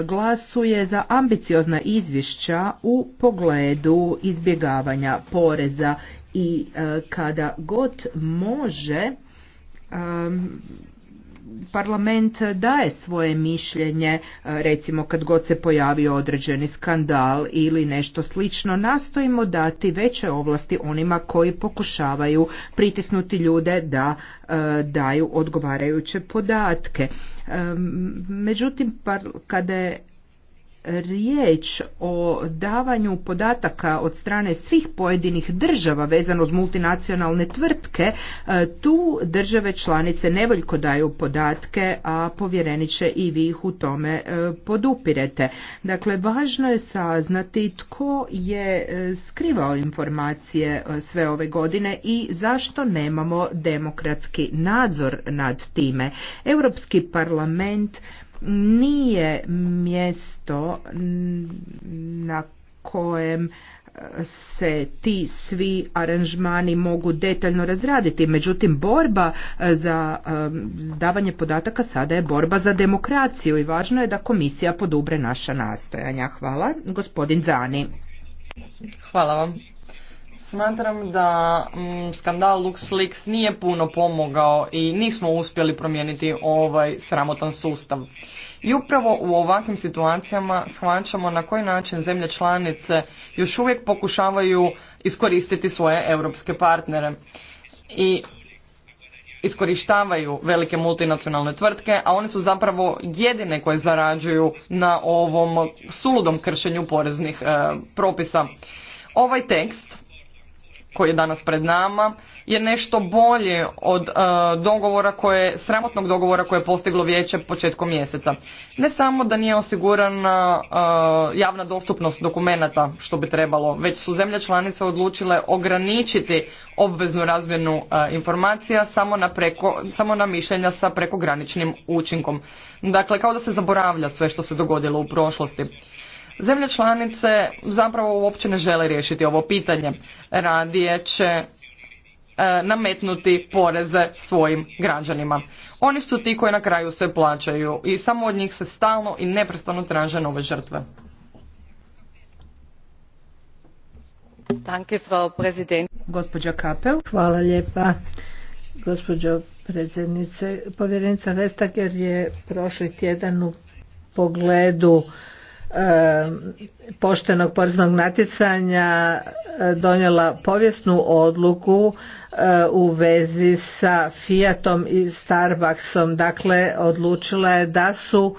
glasuje za ambiciozna izvješća u pogledu izbjegavanja poreza i kada god može parlament daje svoje mišljenje, e, recimo kad god se pojavio određeni skandal ili nešto slično, nastojimo dati veće ovlasti onima koji pokušavaju pritisnuti ljude da e, daju odgovarajuće podatke. Međutim, kada je riječ o davanju podataka od strane svih pojedinih država vezano uz multinacionalne tvrtke, e, tu države članice nevoljko daju podatke, a povjereniče i vi ih u tome e, podupirete. Dakle, važno je saznati tko je e, skrivao informacije sve ove godine i zašto nemamo demokratski nadzor nad time. Europski parlament nije mjesto na kojem se ti svi aranžmani mogu detaljno razraditi. Međutim, borba e, za e, davanje podataka sada je borba za demokraciju i važno je da komisija podubre naša nastojanja. Hvala. Gospodin Zani. Hvala vam. Smatram da mm, skandal LuxLeaks nije puno pomogao i nismo uspjeli promijeniti ovaj sramotan sustav. I upravo u ovakvim situacijama shvaćamo na koji način zemlje članice još uvijek pokušavaju iskoristiti svoje europske partnere. I iskorištavaju velike multinacionalne tvrtke, a one su zapravo jedine koje zarađuju na ovom suludom kršenju poreznih eh, propisa. Ovaj tekst koji je danas pred nama je nešto bolje od e, dogovora koje, sramotnog dogovora koje je postiglo vijeće početkom mjeseca. Ne samo da nije osigurana e, javna dostupnost dokumenata što bi trebalo, već su zemlje članice odlučile ograničiti obveznu razmjenu e, informacija samo na, preko, samo na mišljenja sa prekograničnim učinkom. Dakle, kao da se zaboravlja sve što se dogodilo u prošlosti. Zemlje članice zapravo uopće ne žele riješiti ovo pitanje. Radije će e, nametnuti poreze svojim građanima. Oni su ti koji na kraju sve plaćaju i samo od njih se stalno i neprestano traže nove žrtve. Danke, Frau Kapel. Hvala lijepa. Gospođo predsjednice, povjerenica Vestager je prošli tjedan u pogledu E, poštenog poreznog natjecanja e, donijela povijesnu odluku e, u vezi sa Fiatom i Starbucksom. Dakle, odlučila je da su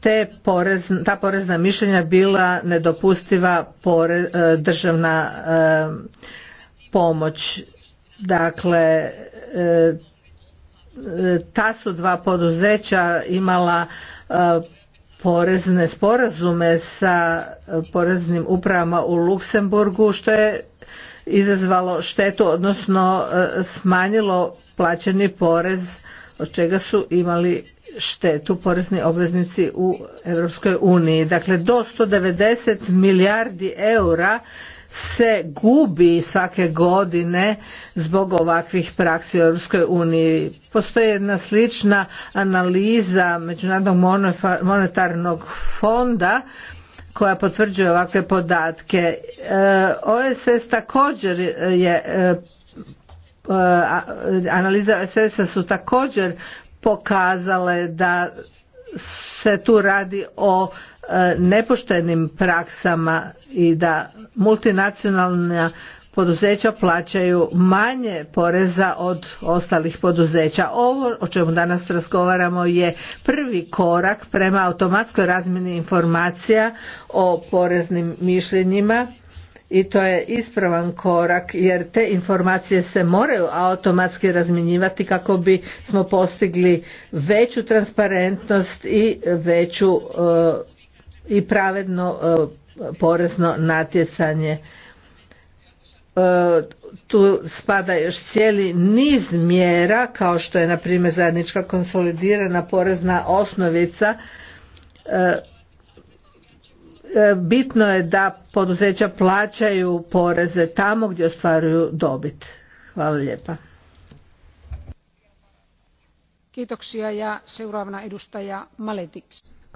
te porez, ta porezna mišljenja bila nedopustiva državna pomoć. Dakle, ta su dva poduzeća imala porezne sporazume sa e, poreznim upravama u Luksemburgu što je izazvalo štetu odnosno e, smanjilo plaćeni porez od čega su imali štetu porezni obveznici u Europskoj uniji. Dakle do 190 milijardi eura se gubi svake godine zbog ovakvih praksi u Europskoj Postoji jedna slična analiza Međunarodnog monetarnog fonda koja potvrđuje ovakve podatke. E, OSS također je e, e, analiza oss su također pokazale da se tu radi o nepoštenim praksama i da multinacionalna poduzeća plaćaju manje poreza od ostalih poduzeća. Ovo o čemu danas razgovaramo je prvi korak prema automatskoj razmjeni informacija o poreznim mišljenjima i to je ispravan korak jer te informacije se moraju automatski razmjenjivati kako bi smo postigli veću transparentnost i veću e, i pravedno e, porezno natjecanje e, tu spada još cijeli niz mjera kao što je na primjer zajednička konsolidirana porezna osnovica e, bitno je da poduzeća plaćaju poreze tamo gdje ostvaruju dobit hvala lijepa Kiitoksia ja edustaja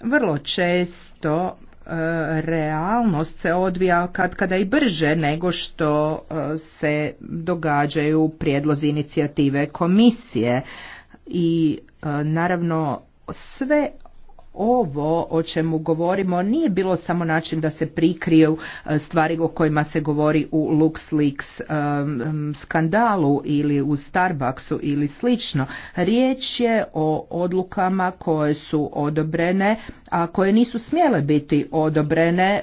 Vrlo često e, realnost se odvija kad kada i brže nego što e, se događaju prijedlozi inicijative komisije i e, naravno sve ovo o čemu govorimo nije bilo samo način da se prikriju e, stvari o kojima se govori u LuxLeaks e, skandalu ili u Starbucksu ili slično. Riječ je o odlukama koje su odobrene, a koje nisu smjele biti odobrene e,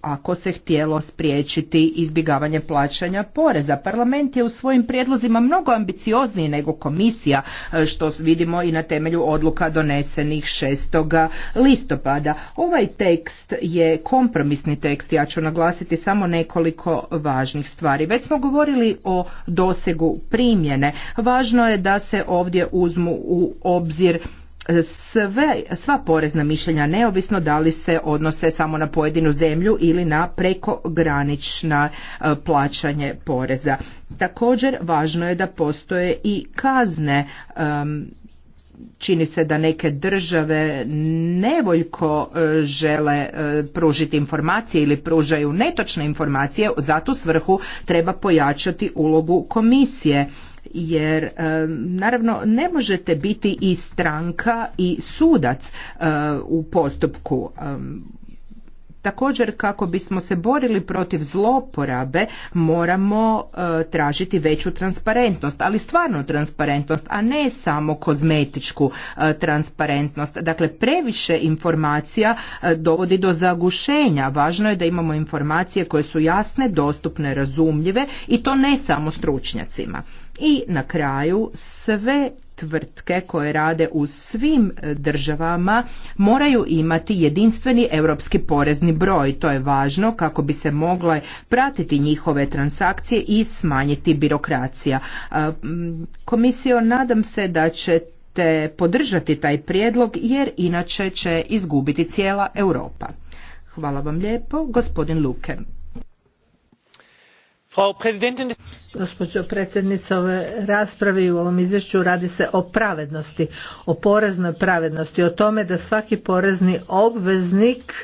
ako se htjelo spriječiti izbjegavanje plaćanja poreza. Parlament je u svojim prijedlozima mnogo ambiciozniji nego komisija, što vidimo i na temelju odluka donesenih šestoga listopada. Ovaj tekst je kompromisni tekst, ja ću naglasiti samo nekoliko važnih stvari. Već smo govorili o dosegu primjene. Važno je da se ovdje uzmu u obzir sve, sva porezna mišljenja neovisno da li se odnose samo na pojedinu zemlju ili na prekogranična e, plaćanje poreza. Također važno je da postoje i kazne čini se da neke države nevoljko e, žele e, pružiti informacije ili pružaju netočne informacije, za tu svrhu treba pojačati ulogu komisije jer e, naravno ne možete biti i stranka i sudac u postupku Također kako bismo se borili protiv zloporabe moramo e, tražiti veću transparentnost, ali stvarnu transparentnost, a ne samo kozmetičku e, transparentnost. Dakle, previše informacija e, dovodi do zagušenja. Važno je da imamo informacije koje su jasne, dostupne, razumljive i to ne samo stručnjacima. I na kraju sve tvrtke koje rade u svim državama moraju imati jedinstveni europski porezni broj. To je važno kako bi se mogle pratiti njihove transakcije i smanjiti birokracija. Komisijo, nadam se da ćete podržati taj prijedlog jer inače će izgubiti cijela Europa. Hvala vam lijepo, gospodin Luke. Gospođo predsjednice ove rasprave i u ovom izvješću radi se o pravednosti, o poreznoj pravednosti, o tome da svaki porezni obveznik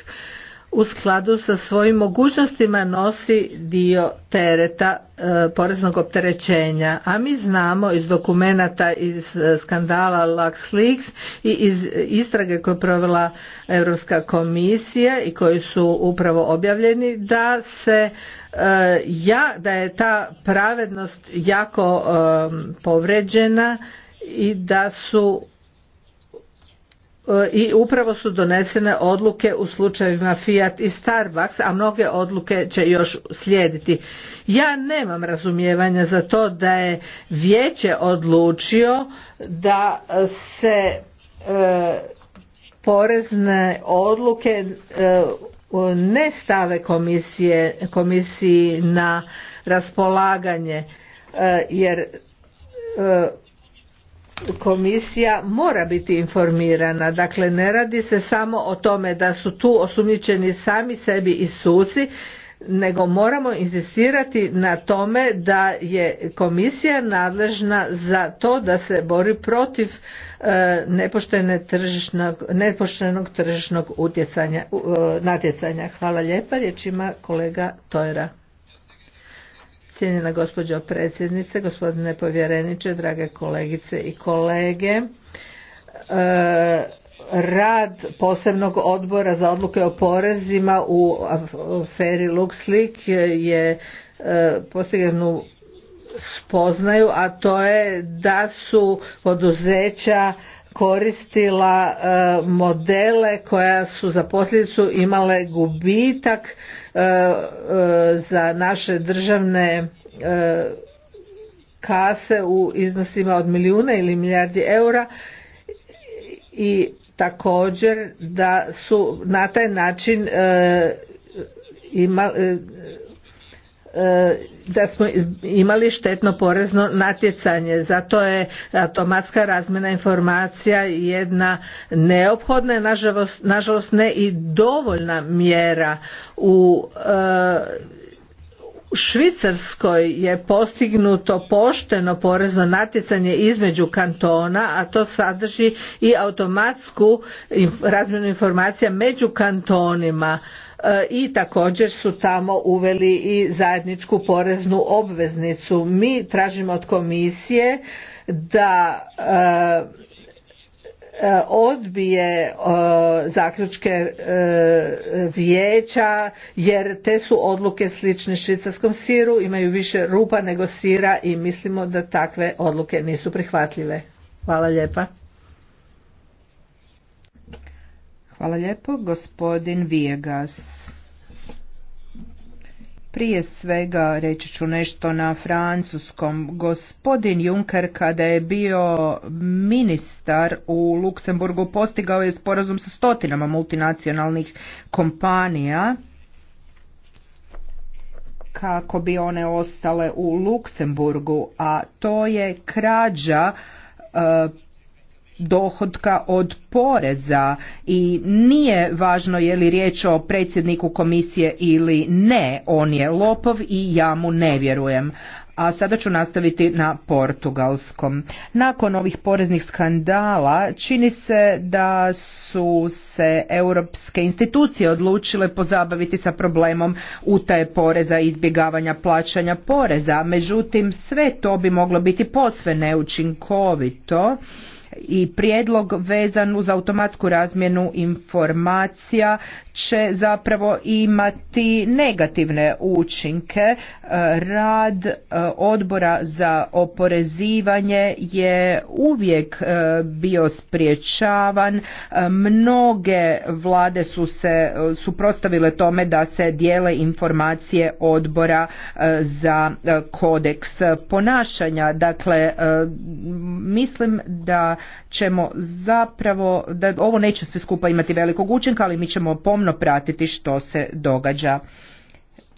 u skladu sa svojim mogućnostima nosi dio tereta e, poreznog opterećenja. A mi znamo iz dokumenata iz e, skandala LuxLeaks i iz istrage koje je provela Europska komisija i koji su upravo objavljeni da se ja da je ta pravednost jako povređena i da su e, i upravo su donesene odluke u slučajevima Fiat i Starbucks, a mnoge odluke će još slijediti. Ja nemam razumijevanja za to da je vijeće odlučio da se e, porezne odluke e, ne stave komisije, komisiji na raspolaganje e, jer e, komisija mora biti informirana dakle ne radi se samo o tome da su tu osumnjičeni sami sebi i suci nego moramo insistirati na tome da je komisija nadležna za to da se bori protiv E, nepoštenog tržišnog, nepoštenog tržišnog utjecanja, e, natjecanja. Hvala lijepa. Riječ ima kolega Tojera. Cijenjena gospođo predsjednice, gospodine povjereniče, drage kolegice i kolege. E, rad posebnog odbora za odluke o porezima u aferi LuxLeak je postignu spoznaju, a to je da su poduzeća koristila e, modele koja su za posljedicu imale gubitak e, e, za naše državne kase u iznosima od milijuna ili milijardi eura i također da su na taj način E, da smo imali štetno porezno natjecanje. Zato je automatska razmjena informacija jedna neophodna, nažalost, nažalost ne i dovoljna mjera u e, u Švicarskoj je postignuto pošteno porezno natjecanje između kantona, a to sadrži i automatsku razmjenu informacija među kantonima. E, i također su tamo uveli i zajedničku poreznu obveznicu. Mi tražimo od komisije da e, e, odbije zaključke vijeća jer te su odluke slične švicarskom siru, imaju više rupa nego sira i mislimo da takve odluke nisu prihvatljive. Hvala lijepa. Hvala lijepo. Gospodin Vijegas. Prije svega reći ću nešto na francuskom. Gospodin Juncker kada je bio ministar u Luksemburgu postigao je sporazum sa stotinama multinacionalnih kompanija kako bi one ostale u Luksemburgu, a to je krađa e, dohodka od poreza i nije važno je li riječ o predsjedniku komisije ili ne, on je lopov i ja mu ne vjerujem. A sada ću nastaviti na portugalskom. Nakon ovih poreznih skandala čini se da su se europske institucije odlučile pozabaviti sa problemom utaje poreza i izbjegavanja plaćanja poreza. Međutim, sve to bi moglo biti posve neučinkovito i prijedlog vezan uz automatsku razmjenu informacija će zapravo imati negativne učinke. E, rad e, odbora za oporezivanje je uvijek e, bio spriječavan. Mnoge vlade su se suprostavile tome da se dijele informacije odbora za kodeks ponašanja. Dakle, mislim da ćemo zapravo, da ovo neće sve skupa imati velikog učinka, ali mi ćemo pomno pratiti što se događa.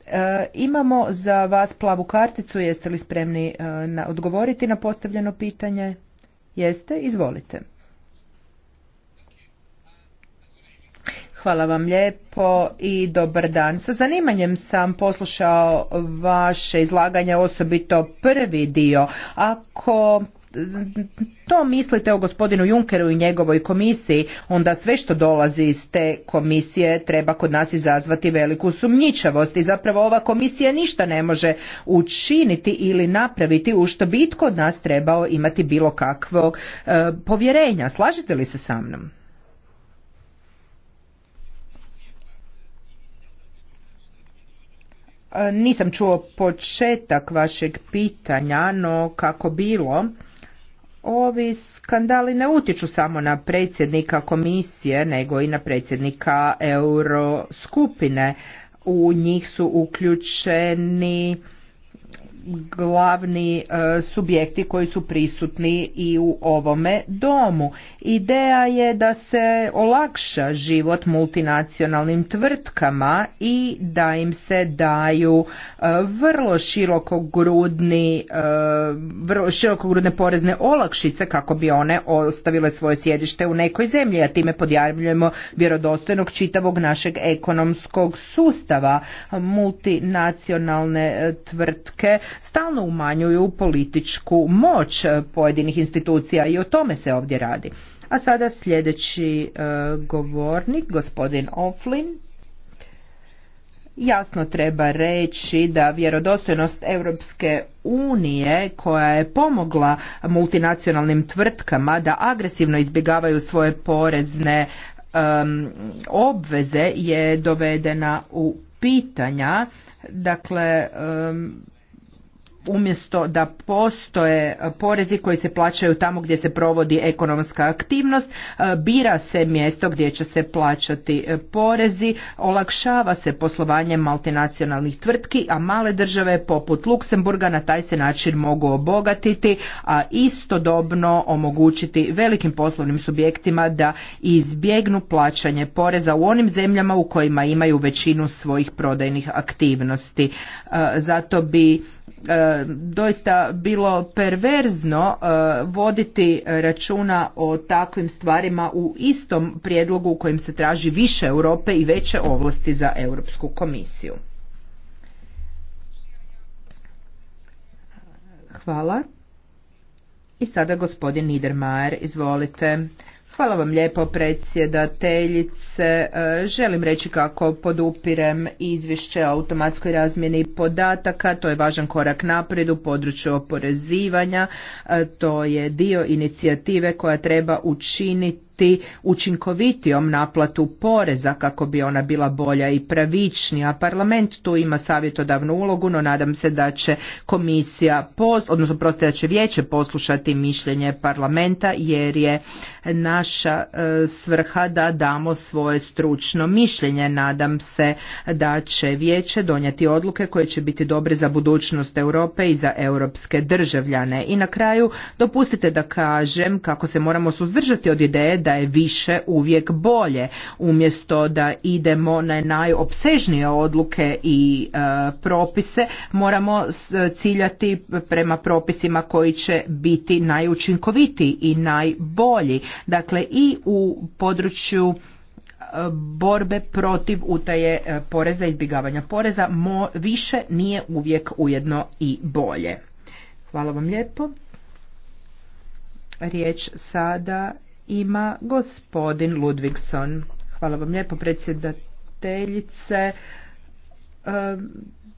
E, imamo za vas plavu karticu, jeste li spremni e, na, odgovoriti na postavljeno pitanje? Jeste, izvolite. Hvala vam lijepo i dobar dan. Sa zanimanjem sam poslušao vaše izlaganje, osobito prvi dio. Ako to mislite o gospodinu Junkeru i njegovoj komisiji, onda sve što dolazi iz te komisije treba kod nas izazvati veliku sumnjičavost i zapravo ova komisija ništa ne može učiniti ili napraviti u što bi od nas trebao imati bilo kakvog e, povjerenja. Slažete li se sa mnom? E, nisam čuo početak vašeg pitanja, no kako bilo, ovi skandali ne utiču samo na predsjednika komisije, nego i na predsjednika euroskupine. U njih su uključeni glavni e, subjekti koji su prisutni i u ovome domu. Ideja je da se olakša život multinacionalnim tvrtkama i da im se daju e, vrlo širokogrudni e, vrlo širokogrudne porezne olakšice kako bi one ostavile svoje sjedište u nekoj zemlji, a time podjavljujemo vjerodostojnog čitavog našeg ekonomskog sustava. Multinacionalne e, tvrtke stalno umanjuju političku moć e, pojedinih institucija i o tome se ovdje radi. A sada sljedeći e, govornik, gospodin Oflin. Jasno treba reći da vjerodostojnost Europske unije koja je pomogla multinacionalnim tvrtkama da agresivno izbjegavaju svoje porezne obveze je dovedena u pitanja. Dakle, umjesto da postoje porezi koji se plaćaju tamo gdje se provodi ekonomska aktivnost, e, bira se mjesto gdje će se plaćati e, porezi, olakšava se poslovanje multinacionalnih tvrtki, a male države poput Luksemburga na taj se način mogu obogatiti, a istodobno omogućiti velikim poslovnim subjektima da izbjegnu plaćanje poreza u onim zemljama u kojima imaju većinu svojih prodajnih aktivnosti. E, zato bi E, doista bilo perverzno e, voditi računa o takvim stvarima u istom prijedlogu u kojem se traži više Europe i veće ovlasti za Europsku komisiju. Hvala. I sada gospodin Niedermayer, izvolite. Hvala vam lijepo predsjedateljice. E, želim reći kako podupirem izvješće o automatskoj razmjeni podataka. To je važan korak naprijed u području oporezivanja. E, to je dio inicijative koja treba učiniti učiniti učinkovitijom naplatu poreza kako bi ona bila bolja i pravičnija. Parlament tu ima savjetodavnu ulogu, no nadam se da će komisija, odnosno proste da će vijeće poslušati mišljenje parlamenta jer je naša e, svrha da damo svoje stručno mišljenje. Nadam se da će vijeće donijeti odluke koje će biti dobre za budućnost Europe i za europske državljane. I na kraju dopustite da kažem kako se moramo suzdržati od ideje da da je više uvijek bolje umjesto da idemo na najopsežnije odluke i e, propise moramo ciljati prema propisima koji će biti najučinkovitiji i najbolji dakle i u području e, borbe protiv utaje e, poreza, izbjegavanja poreza više nije uvijek ujedno i bolje. Hvala vam lijepo. Riječ sada ima gospodin Ludvigson. Hvala vam lijepo predsjedateljice.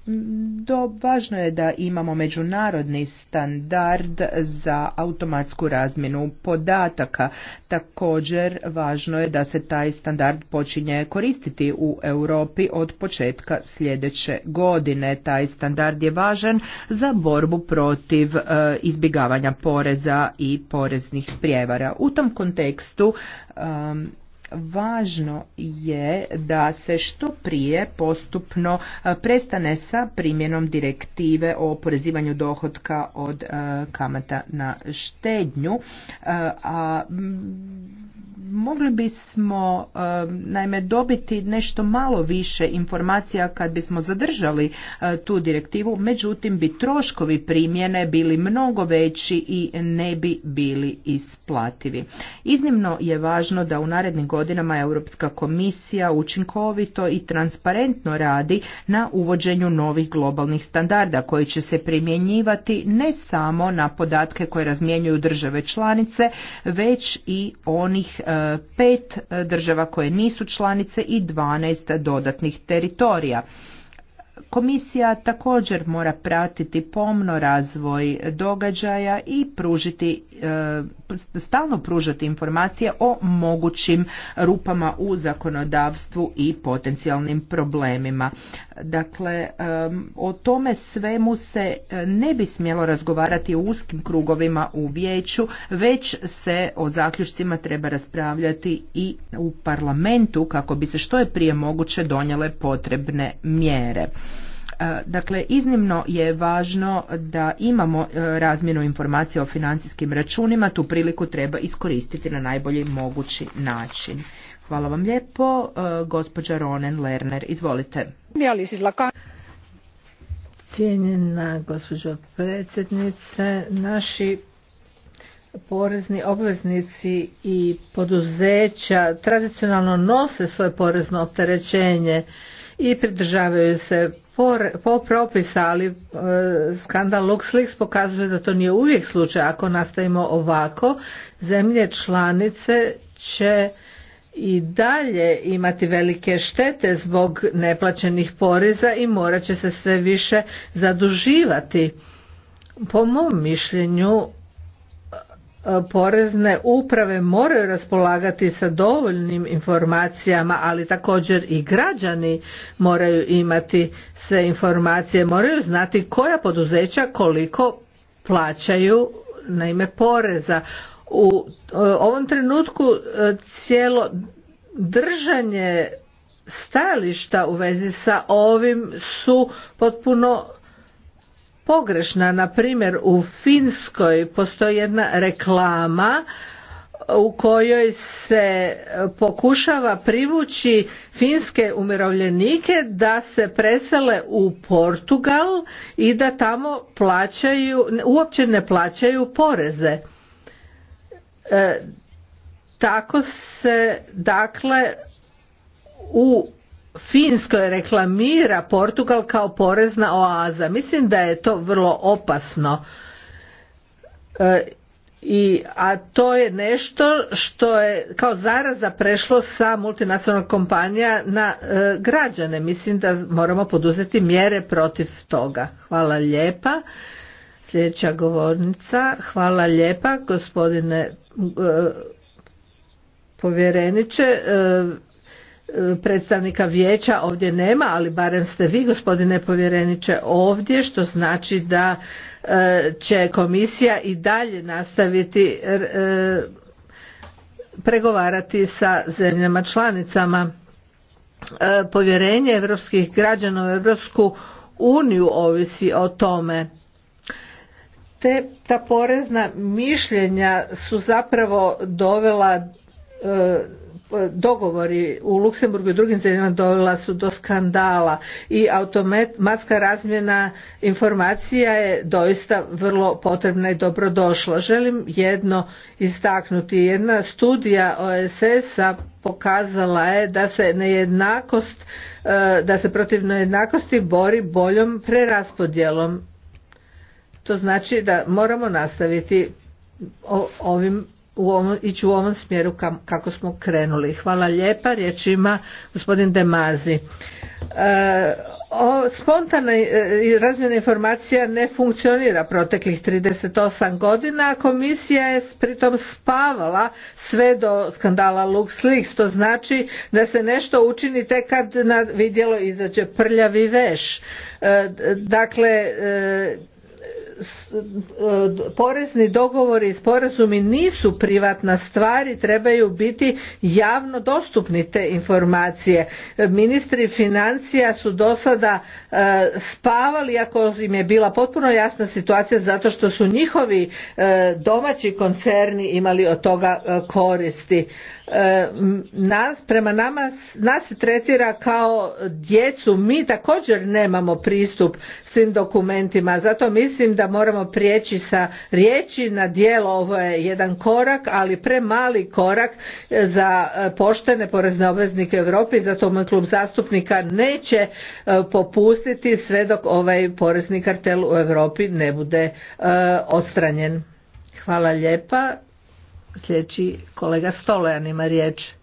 Mm, do, važno je da imamo međunarodni standard za automatsku razmjenu podataka. Također važno je da se taj standard počinje koristiti u Europi od početka sljedeće godine. Taj standard je važan za borbu protiv e, izbjegavanja poreza i poreznih prijevara. U tom kontekstu Važno je da se što prije postupno e, prestane sa primjenom direktive o oporezivanju dohotka od e, kamata na štednju, e, a mogli bismo naime dobiti nešto malo više informacija kad bismo zadržali tu direktivu, međutim bi troškovi primjene bili mnogo veći i ne bi bili isplativi. Iznimno je važno da u narednim godinama Europska komisija učinkovito i transparentno radi na uvođenju novih globalnih standarda koji će se primjenjivati ne samo na podatke koje razmjenjuju države članice, već i onih e, pet e, država koje nisu članice i 12 dodatnih teritorija. Komisija također mora pratiti pomno razvoj događaja i pružiti, e, stalno pružati informacije o mogućim rupama u zakonodavstvu i potencijalnim problemima. Dakle, o tome svemu se e, ne bi smjelo razgovarati u uskim krugovima u vijeću, već se o zaključcima treba raspravljati i u parlamentu kako bi se što je prije moguće donijele potrebne mjere. E, dakle, iznimno je važno da imamo e, razmjenu informacija o financijskim računima, tu priliku treba iskoristiti na najbolji mogući način. Hvala vam lijepo. E, gospođa Ronen Lerner, izvolite. Cijenjena gospođo predsjednice, naši porezni obveznici i poduzeća tradicionalno nose svoje porezno opterećenje i pridržavaju se po propisa, ali e, skandal LuxLeaks pokazuje da to nije uvijek slučaj. Ako nastavimo ovako, zemlje članice će i dalje imati velike štete zbog neplaćenih poreza i morat će se sve više zaduživati. Po mom mišljenju e, porezne uprave moraju raspolagati sa dovoljnim informacijama, ali također i građani moraju imati sve informacije, moraju znati koja poduzeća koliko plaćaju na ime poreza. U e, ovom trenutku e, cijelo držanje stajališta u vezi sa ovim su potpuno pogrešna. Na primjer u Finskoj postoji jedna reklama u kojoj se pokušava privući finske umirovljenike da se presele u Portugal i da tamo plaćaju, uopće ne plaćaju poreze. E, tako se dakle u Finskoj reklamira Portugal kao porezna oaza. Mislim da je to vrlo opasno. E, i, a to je nešto što je kao zaraza prešlo sa multinacionalnog kompanija na e, građane. Mislim da moramo poduzeti mjere protiv toga. Hvala lijepa. Sljedeća govornica. Hvala lijepa gospodine povjereniče e, predstavnika vijeća ovdje nema, ali barem ste vi gospodine povjereniče ovdje, što znači da e, će komisija i dalje nastaviti e, pregovarati sa zemljama članicama. Povjerenje europskih građana u Europsku uniju ovisi o tome te ta porezna mišljenja su zapravo dovela e, dogovori u Luksemburgu i drugim zemljama dovela su do skandala i automatska razmjena informacija je doista vrlo potrebna i dobrodošla. Želim jedno istaknuti. Jedna studija OSS-a pokazala je da se nejednakost, e, da se protiv nejednakosti bori boljom preraspodjelom to znači da moramo nastaviti ovim u ovom, ići u ovom smjeru kako smo krenuli. Hvala lijepa, riječ ima gospodin Demazi. E, o, spontana e, razmjena informacija ne funkcionira proteklih 38 godina, komisija je pritom spavala sve do skandala LuxLeaks, to znači da se nešto učini tek kad na vidjelo izađe prljavi veš. E, dakle, porezni dogovori i sporazumi nisu privatna stvar i trebaju biti javno dostupni te informacije. Ministri financija su do sada e, spavali ako im je bila potpuno jasna situacija zato što su njihovi e, domaći koncerni imali od toga e, koristi. Nas, prema nama nas se tretira kao djecu, mi također nemamo pristup svim dokumentima, zato mislim da moramo prijeći sa riječi na djelo, ovo je jedan korak, ali premali korak e, za e, poštene porezne obveznike u Europi, zato moj klub zastupnika neće e, popustiti sve dok ovaj porezni kartel u Europi ne bude odstranjen. Hvala lijepa. Sljedeći kolega Stolojan ima riječ.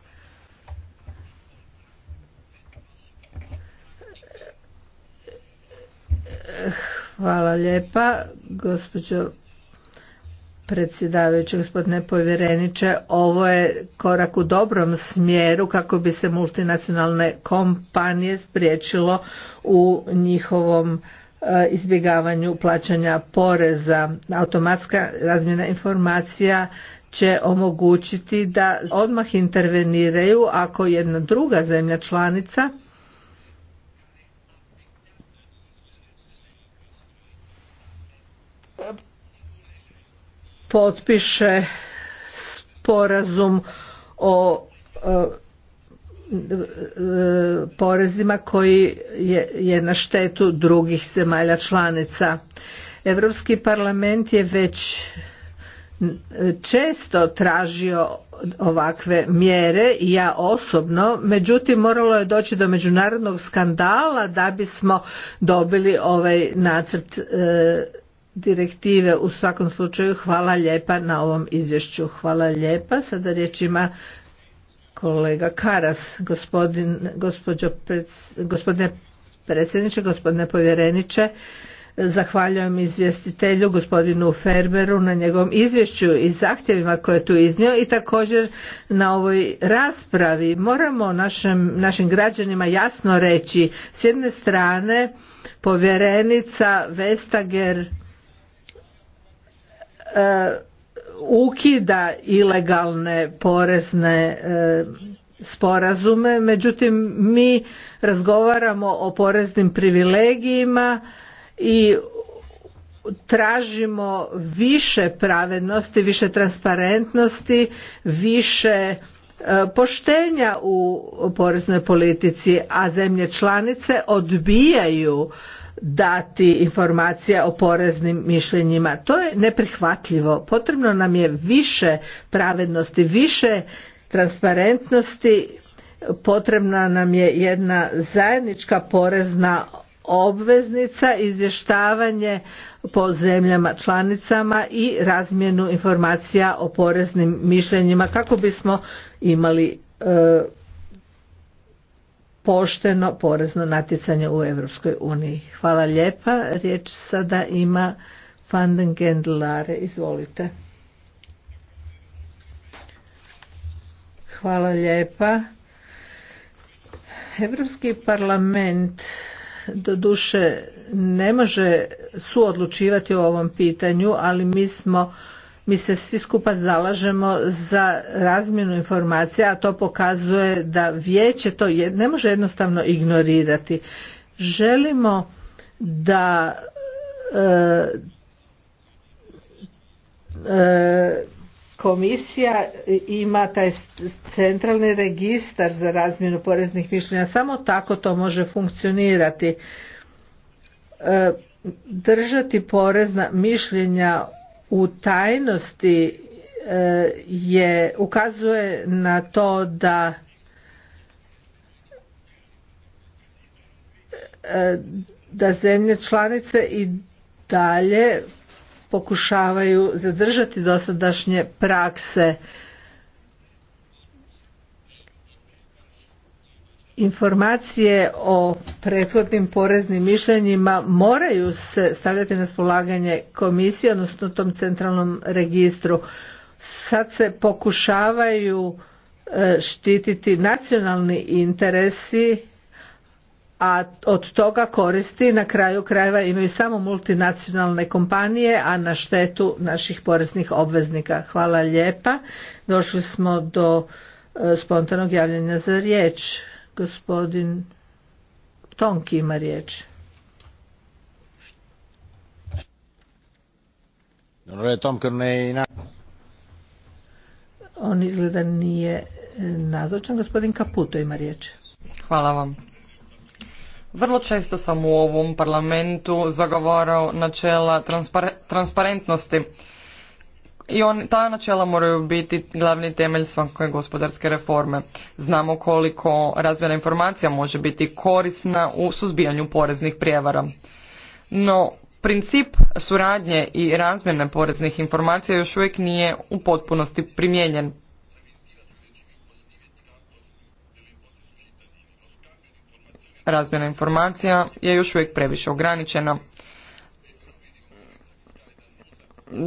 Hvala lijepa, gospođo predsjedavajući gospodine povjereniče, ovo je korak u dobrom smjeru kako bi se multinacionalne kompanije spriječilo u njihovom e, izbjegavanju plaćanja poreza. Automatska razmjena informacija će omogućiti da odmah interveniraju ako jedna druga zemlja članica potpiše sporazum o e, e, porezima koji je na štetu drugih zemalja članica. Europski parlament je već često tražio ovakve mjere i ja osobno, međutim moralo je doći do međunarodnog skandala da bismo dobili ovaj nacrt e, direktive. U svakom slučaju hvala lijepa na ovom izvješću. Hvala lijepa. Sada riječ ima kolega Karas, gospodin, gospođo, gospodine predsjedniče, gospodine povjereniče. Zahvaljujem izvjestitelju gospodinu Ferberu na njegovom izvješću i zahtjevima koje je tu iznio i također na ovoj raspravi moramo našem, našim građanima jasno reći s jedne strane povjerenica Vestager E, ukida ilegalne porezne e, sporazume, međutim mi razgovaramo o poreznim privilegijima i tražimo više pravednosti, više transparentnosti, više e, poštenja u poreznoj politici, a zemlje članice odbijaju dati informacija o poreznim mišljenjima. To je neprihvatljivo. Potrebno nam je više pravednosti, više transparentnosti, potrebna nam je jedna zajednička porezna obveznica, izvještavanje po zemljama članicama i razmjenu informacija o poreznim mišljenjima kako bismo imali e, pošteno porezno natjecanje u Europskoj uniji. Hvala lijepa. Riječ sada ima Fanden Gendelare. Izvolite. Hvala lijepa. Europski parlament doduše ne može suodlučivati o ovom pitanju, ali mi smo mi se svi skupa zalažemo za razmjenu informacija, a to pokazuje da vijeće to ne može jednostavno ignorirati. Želimo da e, e, komisija ima taj centralni registar za razmjenu poreznih mišljenja. Samo tako to može funkcionirati. E, držati porezna mišljenja u tajnosti e, je ukazuje na to da e, da zemlje članice i dalje pokušavaju zadržati dosadašnje prakse informacije o prethodnim poreznim mišljenjima moraju se stavljati na spolaganje komisije, odnosno tom centralnom registru. Sad se pokušavaju e, štititi nacionalni interesi, a od toga koristi na kraju krajeva imaju samo multinacionalne kompanije, a na štetu naših poreznih obveznika. Hvala lijepa. Došli smo do e, spontanog javljanja za riječ. Gospodin Tonki ima riječ. On izgleda nije nazočan. Gospodin Kaputo ima riječ. Hvala vam. Vrlo često sam u ovom parlamentu zagovarao načela transparentnosti i on, ta načela moraju biti glavni temelj svake gospodarske reforme. Znamo koliko razmjena informacija može biti korisna u suzbijanju poreznih prijevara. No, princip suradnje i razmjene poreznih informacija još uvijek nije u potpunosti primijenjen. Razmjena informacija je još uvijek previše ograničena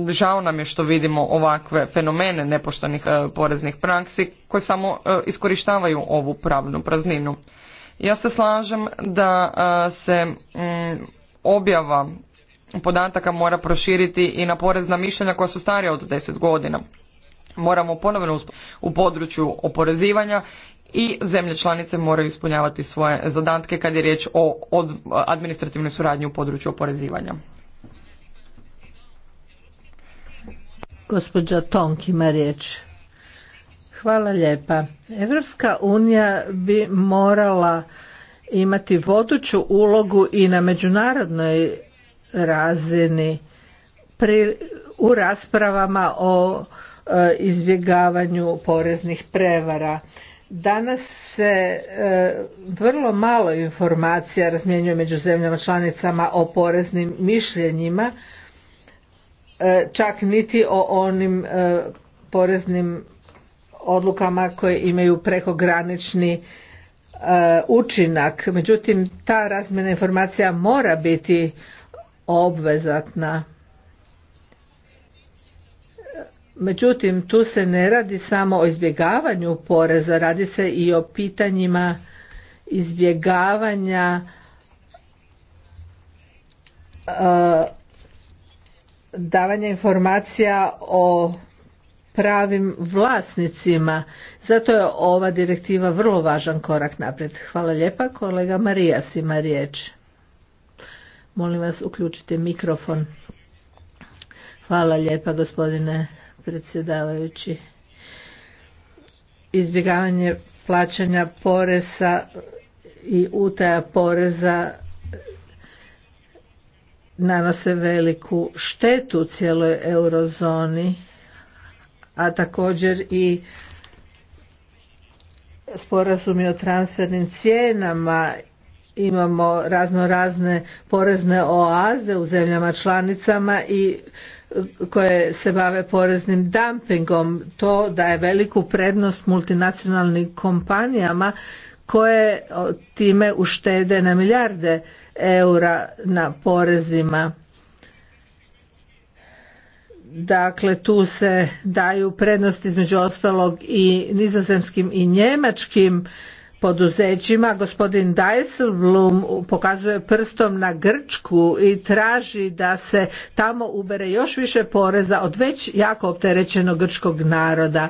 žao nam je što vidimo ovakve fenomene nepoštenih e, poreznih praksi koje samo e, iskorištavaju ovu pravnu prazninu. Ja se slažem da e, se mm, objava podataka mora proširiti i na porezna mišljenja koja su starija od 10 godina. Moramo ponovno u području oporezivanja i zemlje članice moraju ispunjavati svoje zadatke kad je riječ o administrativnoj suradnji u području oporezivanja. Gospođa Tonk ima riječ. Hvala lijepa. Evropska unija bi morala imati voduću ulogu i na međunarodnoj razini u raspravama o e, izbjegavanju poreznih prevara. Danas se e, vrlo malo informacija razmjenjuje među zemljama članicama o poreznim mišljenjima E, čak niti o onim e, poreznim odlukama koje imaju prekogranični e, učinak. Međutim, ta razmjena informacija mora biti obvezatna. Međutim, tu se ne radi samo o izbjegavanju poreza, radi se i o pitanjima izbjegavanja davanja informacija o pravim vlasnicima. Zato je ova direktiva vrlo važan korak naprijed. Hvala lijepa. Kolega marija ima riječ. Molim vas uključite mikrofon. Hvala lijepa gospodine predsjedavajući. Izbjegavanje plaćanja poreza i utaja poreza nanose veliku štetu cijeloj eurozoni, a također i sporazumi o transfernim cijenama imamo razno razne porezne oaze u zemljama članicama i koje se bave poreznim dumpingom to daje veliku prednost multinacionalnim kompanijama koje time uštede na milijarde eura na porezima. Dakle, tu se daju prednosti između ostalog i nizozemskim i njemačkim poduzećima. Gospodin Dijsselblum pokazuje prstom na Grčku i traži da se tamo ubere još više poreza od već jako opterećenog grčkog naroda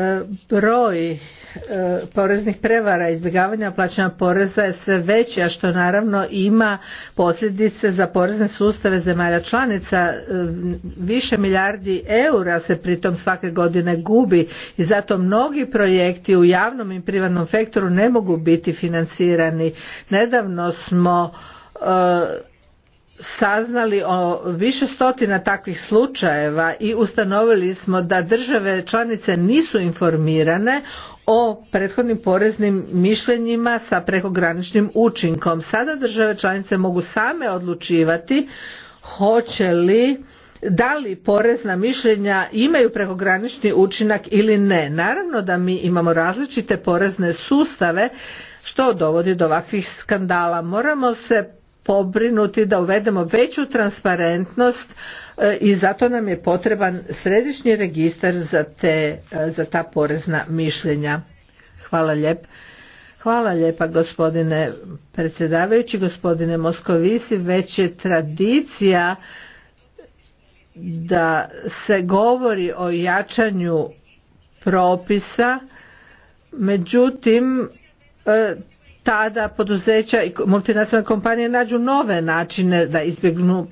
E, broj e, poreznih prevara izbjegavanja plaćanja poreza je sve veći, a što naravno ima posljedice za porezne sustave zemalja članica. E, više milijardi eura se pritom svake godine gubi i zato mnogi projekti u javnom i privatnom sektoru ne mogu biti financirani. Nedavno smo saznali o više stotina takvih slučajeva i ustanovili smo da države članice nisu informirane o prethodnim poreznim mišljenjima sa prekograničnim učinkom. Sada države članice mogu same odlučivati hoće li da li porezna mišljenja imaju prekogranični učinak ili ne. Naravno da mi imamo različite porezne sustave što dovodi do ovakvih skandala. Moramo se pobrinuti da uvedemo veću transparentnost e, i zato nam je potreban središnji registar za, e, za ta porezna mišljenja. Hvala lijepa. Hvala lijepa gospodine predsjedavajući, gospodine Moskovisi, već je tradicija da se govori o jačanju propisa, međutim e, tada poduzeća i multinacionalne kompanije nađu nove načine da izbjegnu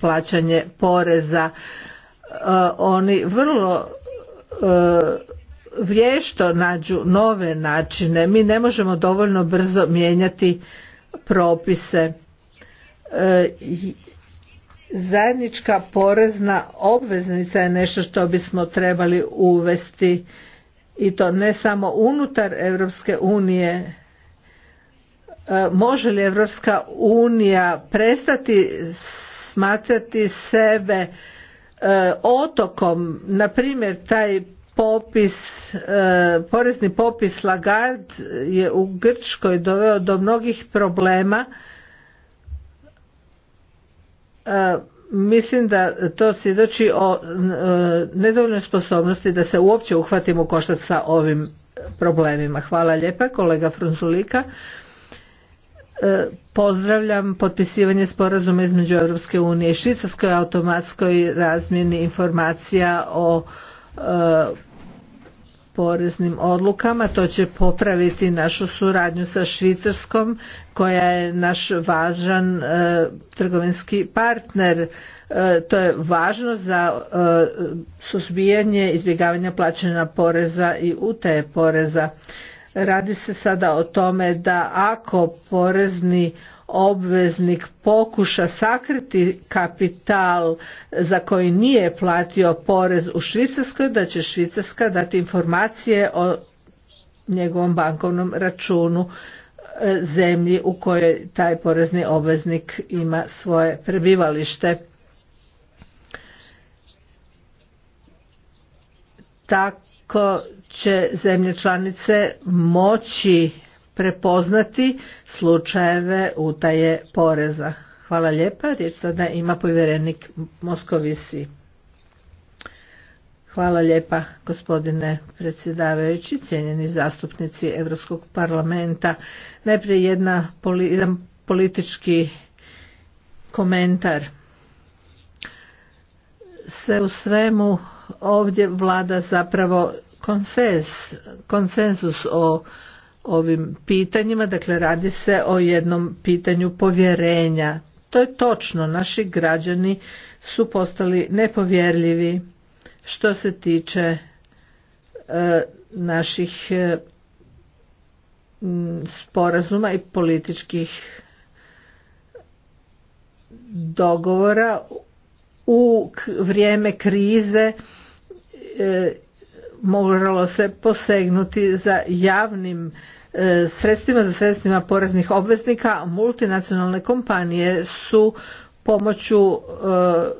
plaćanje poreza. E, oni vrlo e, vješto nađu nove načine. Mi ne možemo dovoljno brzo mijenjati propise. E, zajednička porezna obveznica je nešto što bismo trebali uvesti i to ne samo unutar Europske unije E, može li Evropska unija prestati smatrati sebe e, otokom, na primjer taj popis, e, porezni popis Lagard je u Grčkoj doveo do mnogih problema mislim da to svjedoči o nedovoljnoj sposobnosti da se uopće uhvatimo koštac sa ovim problemima. Hvala lijepa kolega Frunzulika. E, pozdravljam potpisivanje sporazuma između Europske unije i Švicarskoj automatskoj razmjeni informacija o e, poreznim odlukama. To će popraviti našu suradnju sa Švicarskom koja je naš važan e, trgovinski partner. to je važno za suzbijanje izbjegavanja plaćanja poreza i utaje poreza. Radi se sada o tome da ako porezni obveznik pokuša sakriti kapital za koji nije platio porez u Švicarskoj, da će Švicarska dati informacije o njegovom bankovnom računu e, zemlji u kojoj taj porezni obveznik ima svoje prebivalište. Tako će zemlje članice moći prepoznati slučajeve utaje poreza. Hvala lijepa. Riječ sada ima povjerenik Moskovisi. Hvala lijepa gospodine predsjedavajući, cijenjeni zastupnici Europskog parlamenta. Najprije jedna, jedan politički komentar. Se u svemu ovdje vlada zapravo konsenz, konsenzus o ovim pitanjima, dakle radi se o jednom pitanju povjerenja. To je točno, naši građani su postali nepovjerljivi što se tiče e, naših e, sporazuma i političkih dogovora u vrijeme krize e, moralo se posegnuti za javnim e, sredstvima, za sredstvima poreznih obveznika, multinacionalne kompanije su pomoću e,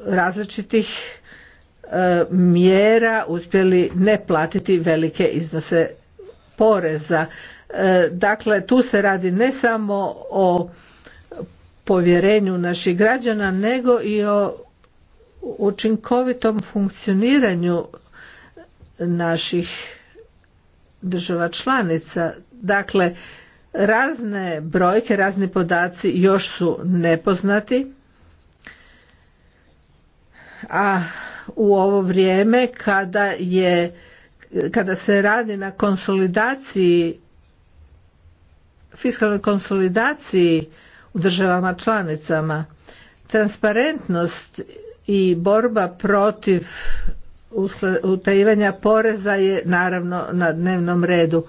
različitih e, mjera uspjeli ne platiti velike iznose poreza. Dakle, tu se radi ne samo o povjerenju naših građana, nego i o učinkovitom funkcioniranju naših država članica. Dakle, razne brojke, razni podaci još su nepoznati, a u ovo vrijeme kada je kada se radi na konsolidaciji fiskalnoj konsolidaciji u državama članicama transparentnost i borba protiv utajivanja poreza je naravno na dnevnom redu.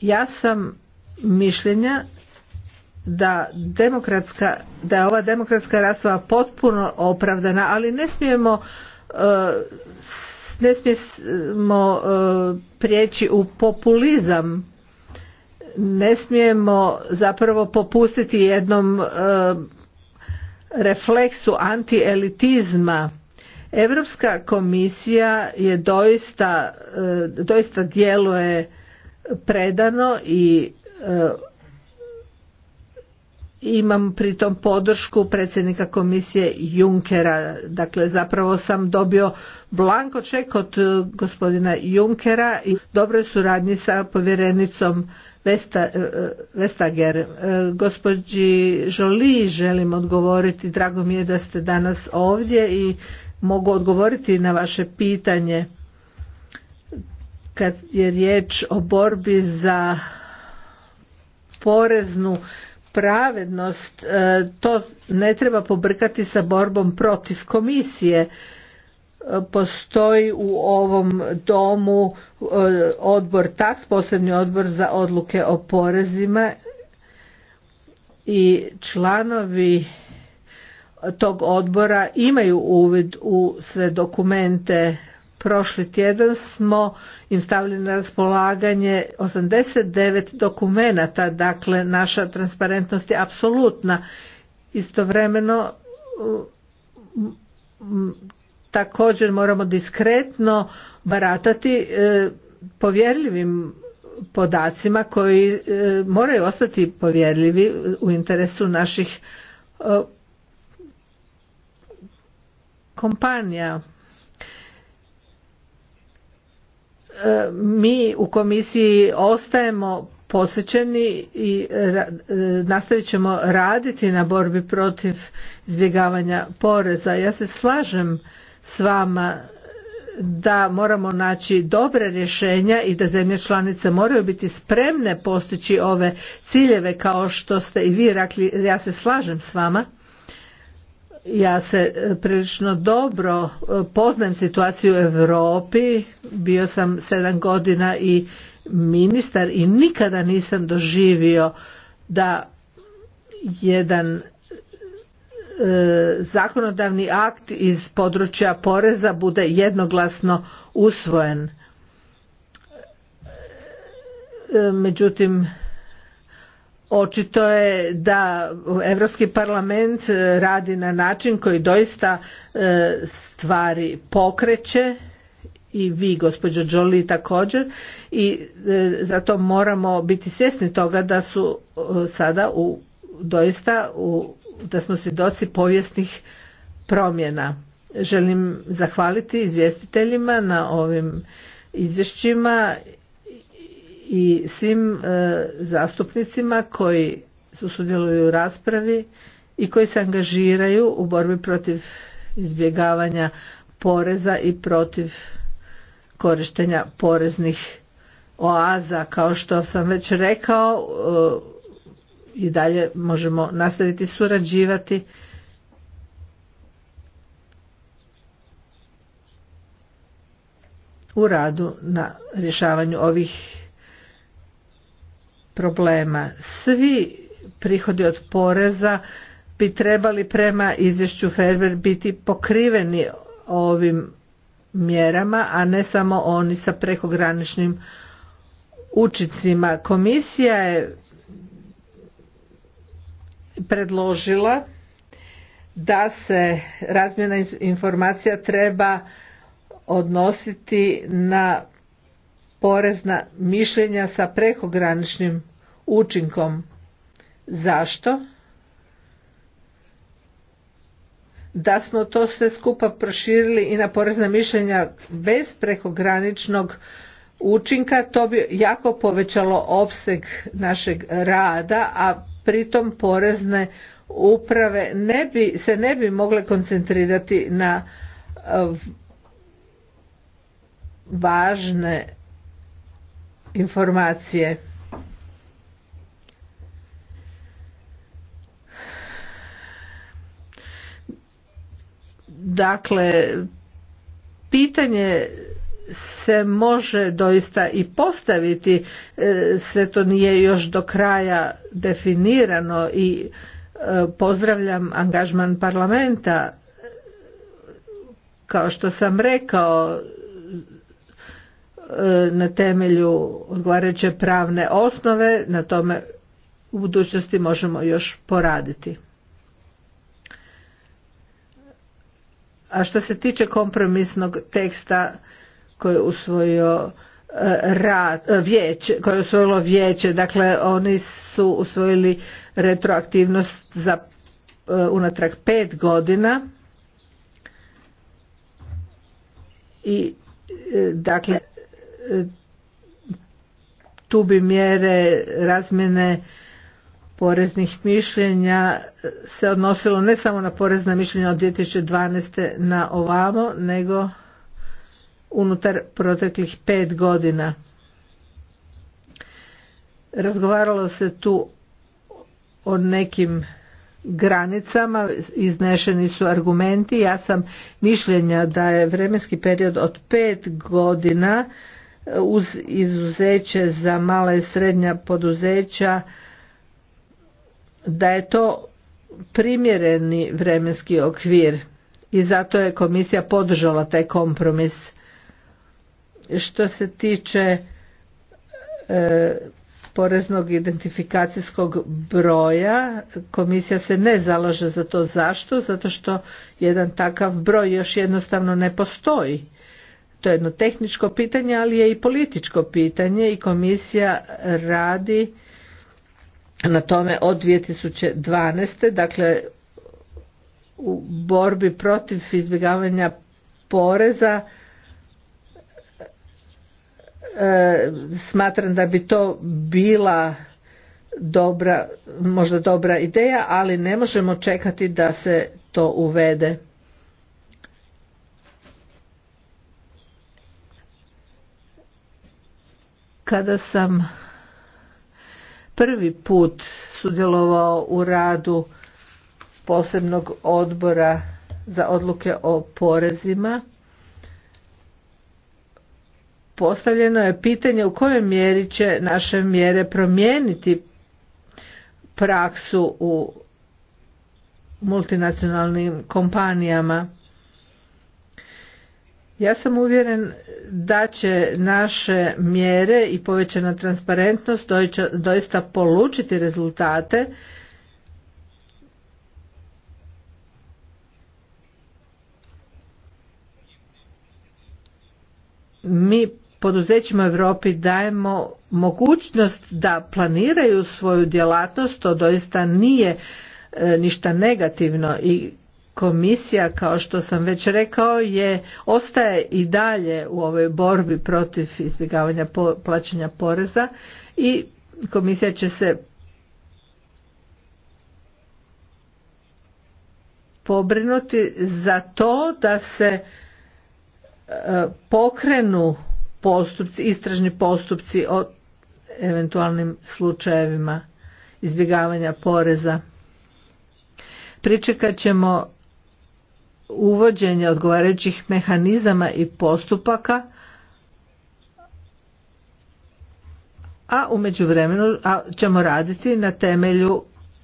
Ja sam mišljenja da demokratska, da je ova demokratska rasprava potpuno opravdana, ali ne smijemo eh, ne smijemo eh, prijeći u populizam ne smijemo zapravo popustiti jednom eh, refleksu antielitizma Europska komisija je doista, e, doista djeluje predano i e, imam pri tom podršku predsjednika komisije Junkera. Dakle, zapravo sam dobio blanko ček od e, gospodina Junkera i dobroj suradnji sa povjerenicom Vesta, Vestager. Gospođi Žoli želim odgovoriti. Drago mi je da ste danas ovdje i mogu odgovoriti na vaše pitanje kad je riječ o borbi za poreznu pravednost e, to ne treba pobrkati sa borbom protiv komisije e, postoji u ovom domu e, odbor tak, posebni odbor za odluke o porezima i članovi tog odbora imaju uvid u sve dokumente. Prošli tjedan smo im stavili na raspolaganje 89 dokumenata, dakle naša transparentnost je apsolutna. Istovremeno također moramo diskretno baratati e, povjerljivim podacima koji e, moraju ostati povjerljivi u interesu naših e, kompanija e, mi u komisiji ostajemo posvećeni i e, nastavit ćemo raditi na borbi protiv izbjegavanja poreza. Ja se slažem s vama da moramo naći dobre rješenja i da zemlje članice moraju biti spremne postići ove ciljeve kao što ste i vi rekli. Ja se slažem s vama ja se e, prilično dobro e, poznajem situaciju u Europi, bio sam sedam godina i ministar i nikada nisam doživio da jedan e, zakonodavni akt iz područja poreza bude jednoglasno usvojen. Međutim, očito je da Europski parlament e, radi na način koji doista e, stvari pokreće i vi gospođo Đoli također i e, zato moramo biti svjesni toga da su sada u doista u, da smo svjedoci povijesnih promjena. Želim zahvaliti izvjestiteljima na ovim izvješćima i svim e, zastupnicima koji su sudjeluju u raspravi i koji se angažiraju u borbi protiv izbjegavanja poreza i protiv korištenja poreznih oaza kao što sam već rekao e, i dalje možemo nastaviti surađivati u radu na rješavanju ovih problema. Svi prihodi od poreza bi trebali prema izvješću Ferber biti pokriveni ovim mjerama, a ne samo oni sa prekograničnim učicima. Komisija je predložila da se razmjena informacija treba odnositi na porezna mišljenja sa prekograničnim učinkom. Zašto? Da smo to sve skupa proširili i na porezna mišljenja bez prekograničnog učinka, to bi jako povećalo opseg našeg rada, a pritom porezne uprave ne bi, se ne bi mogle koncentrirati na eh, važne informacije. Dakle, pitanje se može doista i postaviti, e, sve to nije još do kraja definirano i e, pozdravljam angažman parlamenta. Kao što sam rekao, E, na temelju odgovarajuće pravne osnove, na tome u budućnosti možemo još poraditi. A što se tiče kompromisnog teksta koji je usvojio e, rad, e, vijeće, koje je usvojilo vijeće, dakle oni su usvojili retroaktivnost za unatrag pet godina i dakle tu bi mjere razmjene poreznih mišljenja se odnosilo ne samo na porezna mišljenja od 2012. na ovamo, nego unutar proteklih pet godina. Razgovaralo se tu o nekim granicama, iznešeni su argumenti. Ja sam mišljenja da je vremenski period od pet godina uz izuzeće za mala i srednja poduzeća da je to primjereni vremenski okvir i zato je komisija podržala taj kompromis. Što se tiče e, poreznog identifikacijskog broja, komisija se ne zalaže za to zašto, zato što jedan takav broj još jednostavno ne postoji to je jedno tehničko pitanje, ali je i političko pitanje i komisija radi na tome od 2012. dakle u borbi protiv izbjegavanja poreza e, smatram da bi to bila dobra, možda dobra ideja, ali ne možemo čekati da se to uvede. Kada sam prvi put sudjelovao u radu posebnog odbora za odluke o porezima, postavljeno je pitanje u kojoj mjeri će naše mjere promijeniti praksu u multinacionalnim kompanijama ja sam uvjeren da će naše mjere i povećana transparentnost doista polučiti rezultate mi poduzećima u Europi dajemo mogućnost da planiraju svoju djelatnost, to doista nije e, ništa negativno i Komisija, kao što sam već rekao, je, ostaje i dalje u ovoj borbi protiv izbjegavanja plaćanja poreza i komisija će se pobrinuti za to da se e, pokrenu postupci, istražni postupci o eventualnim slučajevima izbjegavanja poreza. Pričekat ćemo uvođenje odgovarajućih mehanizama i postupaka a u međuvremenu ćemo raditi na temelju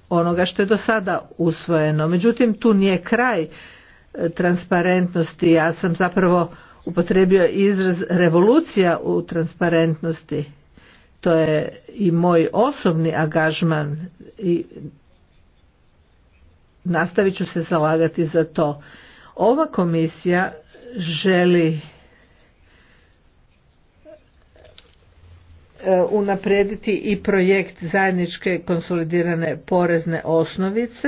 onoga što je do sada usvojeno. Međutim, tu nije kraj e, transparentnosti. Ja sam zapravo upotrebio izraz revolucija u transparentnosti. To je i moj osobni agažman i nastavit ću se zalagati za to. Ova komisija želi e, unaprediti i projekt zajedničke konsolidirane porezne osnovice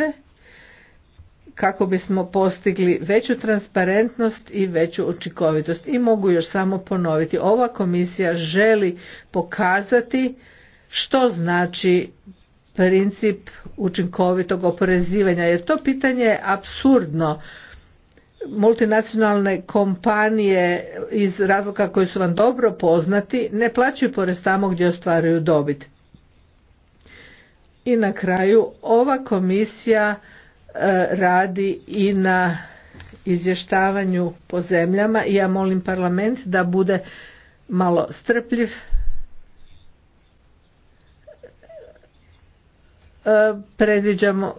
kako bismo postigli veću transparentnost i veću učinkovitost. I mogu još samo ponoviti, ova komisija želi pokazati što znači princip učinkovitog oporezivanja jer to pitanje je apsurdno multinacionalne kompanije iz razloga koji su vam dobro poznati ne plaćaju porez tamo gdje ostvaruju dobit. I na kraju ova komisija e, radi i na izvještavanju po zemljama i ja molim parlament da bude malo strpljiv e, predviđamo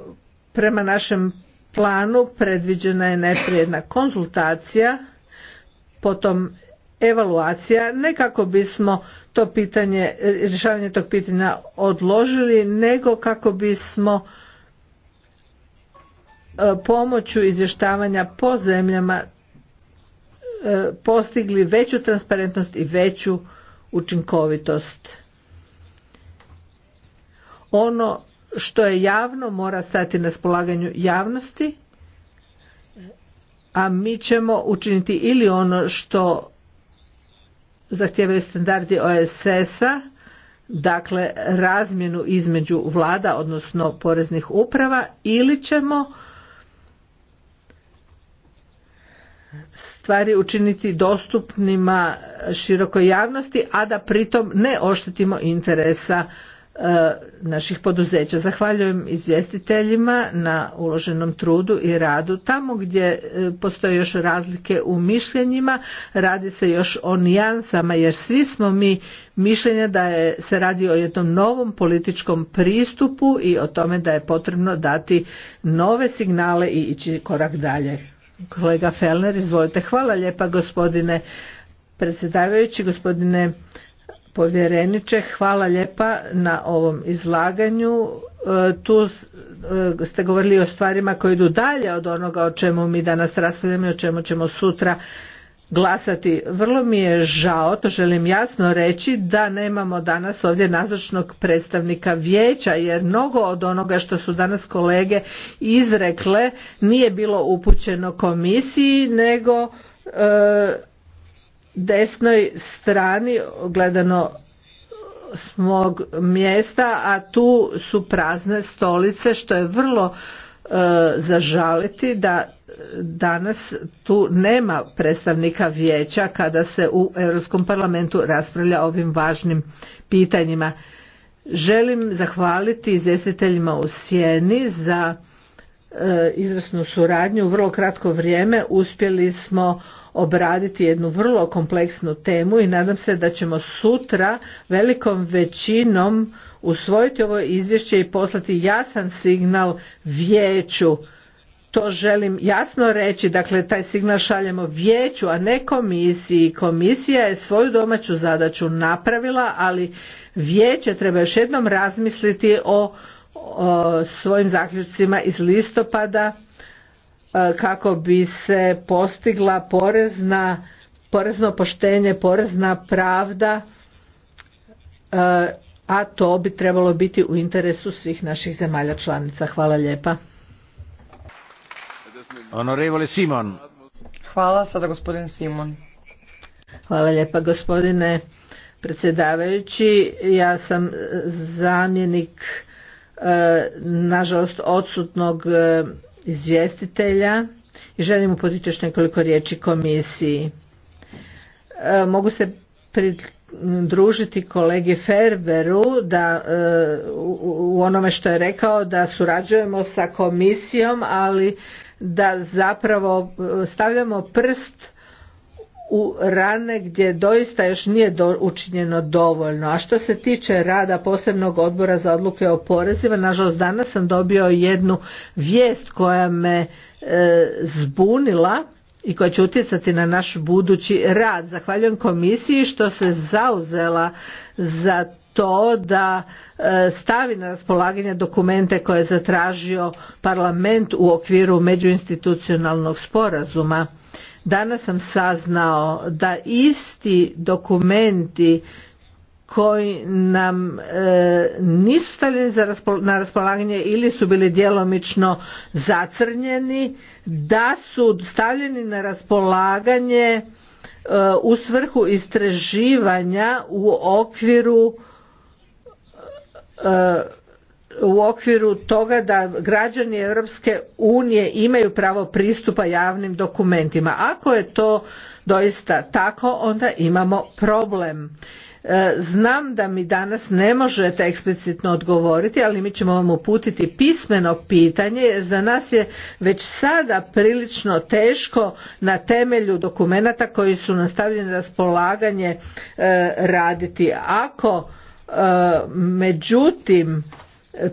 prema našem planu predviđena je neprijedna konzultacija, potom evaluacija, ne kako bismo to pitanje, rješavanje tog pitanja odložili, nego kako bismo e, pomoću izvještavanja po zemljama e, postigli veću transparentnost i veću učinkovitost. Ono što je javno mora stati na spolaganju javnosti a mi ćemo učiniti ili ono što zahtijevaju standardi OSS-a, dakle razmjenu između vlada, odnosno poreznih uprava, ili ćemo stvari učiniti dostupnima širokoj javnosti, a da pritom ne oštetimo interesa E, naših poduzeća. Zahvaljujem izvjestiteljima na uloženom trudu i radu. Tamo gdje e, postoje još razlike u mišljenjima, radi se još o nijansama jer svi smo mi mišljenja da je, se radi o jednom novom političkom pristupu i o tome da je potrebno dati nove signale i ići korak dalje. Kolega Felner, izvolite. Hvala lijepa gospodine predsjedavajući, gospodine povjereniče hvala lijepa na ovom izlaganju e, tu e, ste govorili o stvarima koje idu dalje od onoga o čemu mi danas raspravljamo i o čemu ćemo sutra glasati. Vrlo mi je žao, to želim jasno reći, da nemamo danas ovdje nazočnog predstavnika vijeća, jer mnogo od onoga što su danas kolege izrekle nije bilo upućeno komisiji, nego e, desnoj strani gledano s mog mjesta, a tu su prazne stolice što je vrlo e, zažaliti da danas tu nema predstavnika vijeća kada se u Europskom parlamentu raspravlja o ovim važnim pitanjima. Želim zahvaliti izvjestiteljima u Sjeni za e, izvrsnu suradnju u vrlo kratko vrijeme uspjeli smo obraditi jednu vrlo kompleksnu temu i nadam se da ćemo sutra velikom većinom usvojiti ovo izvješće i poslati jasan signal vijeću to želim jasno reći, dakle taj signal šaljemo vijeću, a ne komisiji. Komisija je svoju domaću zadaću napravila, ali vijeće treba još jednom razmisliti o, svojim zaključcima iz listopada E, kako bi se postigla porezna, porezno poštenje, porezna pravda, e, a to bi trebalo biti u interesu svih naših zemalja članica. Hvala lijepa. Hvala, sada gospodin Simon. Hvala lijepa gospodine predsjedavajući. Ja sam zamjenik e, nažalost odsutnog izvjestitelja i želim uputiti još nekoliko riječi komisiji. E, mogu se pridružiti kolegi Ferberu da e, u onome što je rekao da surađujemo sa komisijom, ali da zapravo e, stavljamo prst u rane gdje doista još nije učinjeno dovoljno. A što se tiče rada posebnog odbora za odluke o porezima, nažalost danas sam dobio jednu vijest koja me e, zbunila i koja će utjecati na naš budući rad. Zahvaljujem komisiji što se zauzela za to da e, stavi na raspolaganje dokumente koje je zatražio parlament u okviru međuinstitucionalnog sporazuma Danas sam saznao da isti dokumenti koji nam e, nisu stavljeni za na raspolaganje ili su bili djelomično zacrnjeni, da su stavljeni na raspolaganje e, u svrhu istraživanja u okviru e, u okviru toga da građani Europske unije imaju pravo pristupa javnim dokumentima. Ako je to doista tako, onda imamo problem. E, znam da mi danas ne možete eksplicitno odgovoriti, ali mi ćemo vam uputiti pismeno pitanje jer za nas je već sada prilično teško na temelju dokumenata koji su nam stavljeni na raspolaganje e, raditi. Ako e, međutim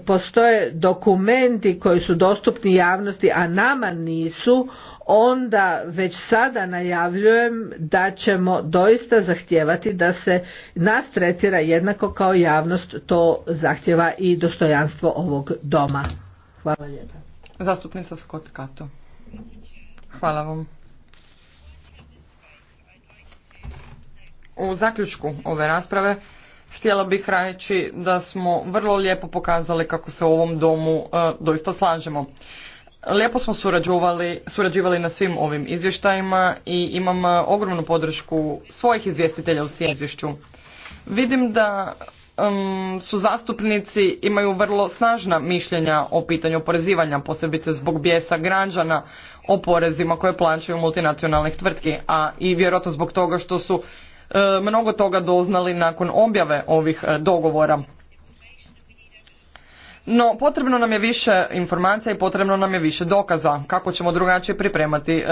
postoje dokumenti koji su dostupni javnosti, a nama nisu, onda već sada najavljujem da ćemo doista zahtijevati da se nas tretira jednako kao javnost, to zahtjeva i dostojanstvo ovog doma. Hvala lijepa. Zastupnica Scott Hvala vam. U zaključku ove rasprave Htjela bih reći da smo vrlo lijepo pokazali kako se u ovom domu e, doista slažemo. Lijepo smo surađivali, na svim ovim izvještajima i imam e, ogromnu podršku svojih izvjestitelja u sjem izvješću. Vidim da su zastupnici imaju vrlo snažna mišljenja o pitanju oporezivanja, posebice zbog bijesa građana o porezima koje plaćaju multinacionalnih tvrtki, a i vjerojatno zbog toga što su E, mnogo toga doznali nakon objave ovih e, dogovora. No, potrebno nam je više informacija i potrebno nam je više dokaza kako ćemo drugačije pripremati e,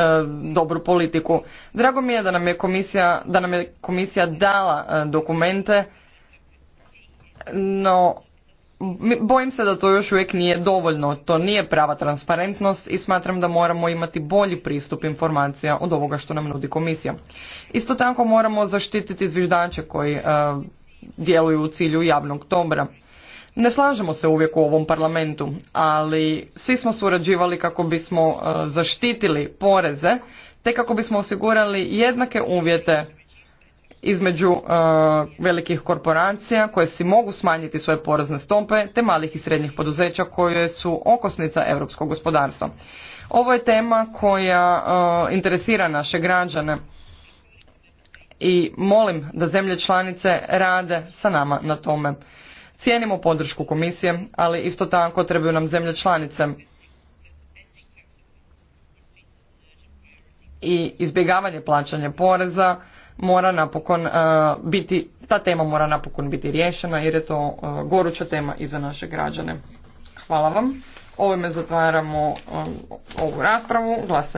dobru politiku. Drago mi je da nam je komisija, da nam je komisija dala dokumente, no Bojim se da to još uvijek nije dovoljno, to nije prava transparentnost i smatram da moramo imati bolji pristup informacija od ovoga što nam nudi komisija. Isto tako moramo zaštititi zviždače koji e, djeluju u cilju javnog dobra. Ne slažemo se uvijek u ovom parlamentu, ali svi smo surađivali kako bismo e, zaštitili poreze te kako bismo osigurali jednake uvjete između e, velikih korporacija koje si mogu smanjiti svoje porezne stope te malih i srednjih poduzeća koje su okosnica europskog gospodarstva. Ovo je tema koja e, interesira naše građane i molim da zemlje članice rade sa nama na tome. Cijenimo podršku komisije, ali isto tako trebaju nam zemlje članice. I izbjegavanje plaćanja poreza mora napokon eh, biti, ta tema mora napokon biti riješena jer je to eh, goruća tema i za naše građane. Hvala vam. Ovime zatvaramo eh, ovu raspravu.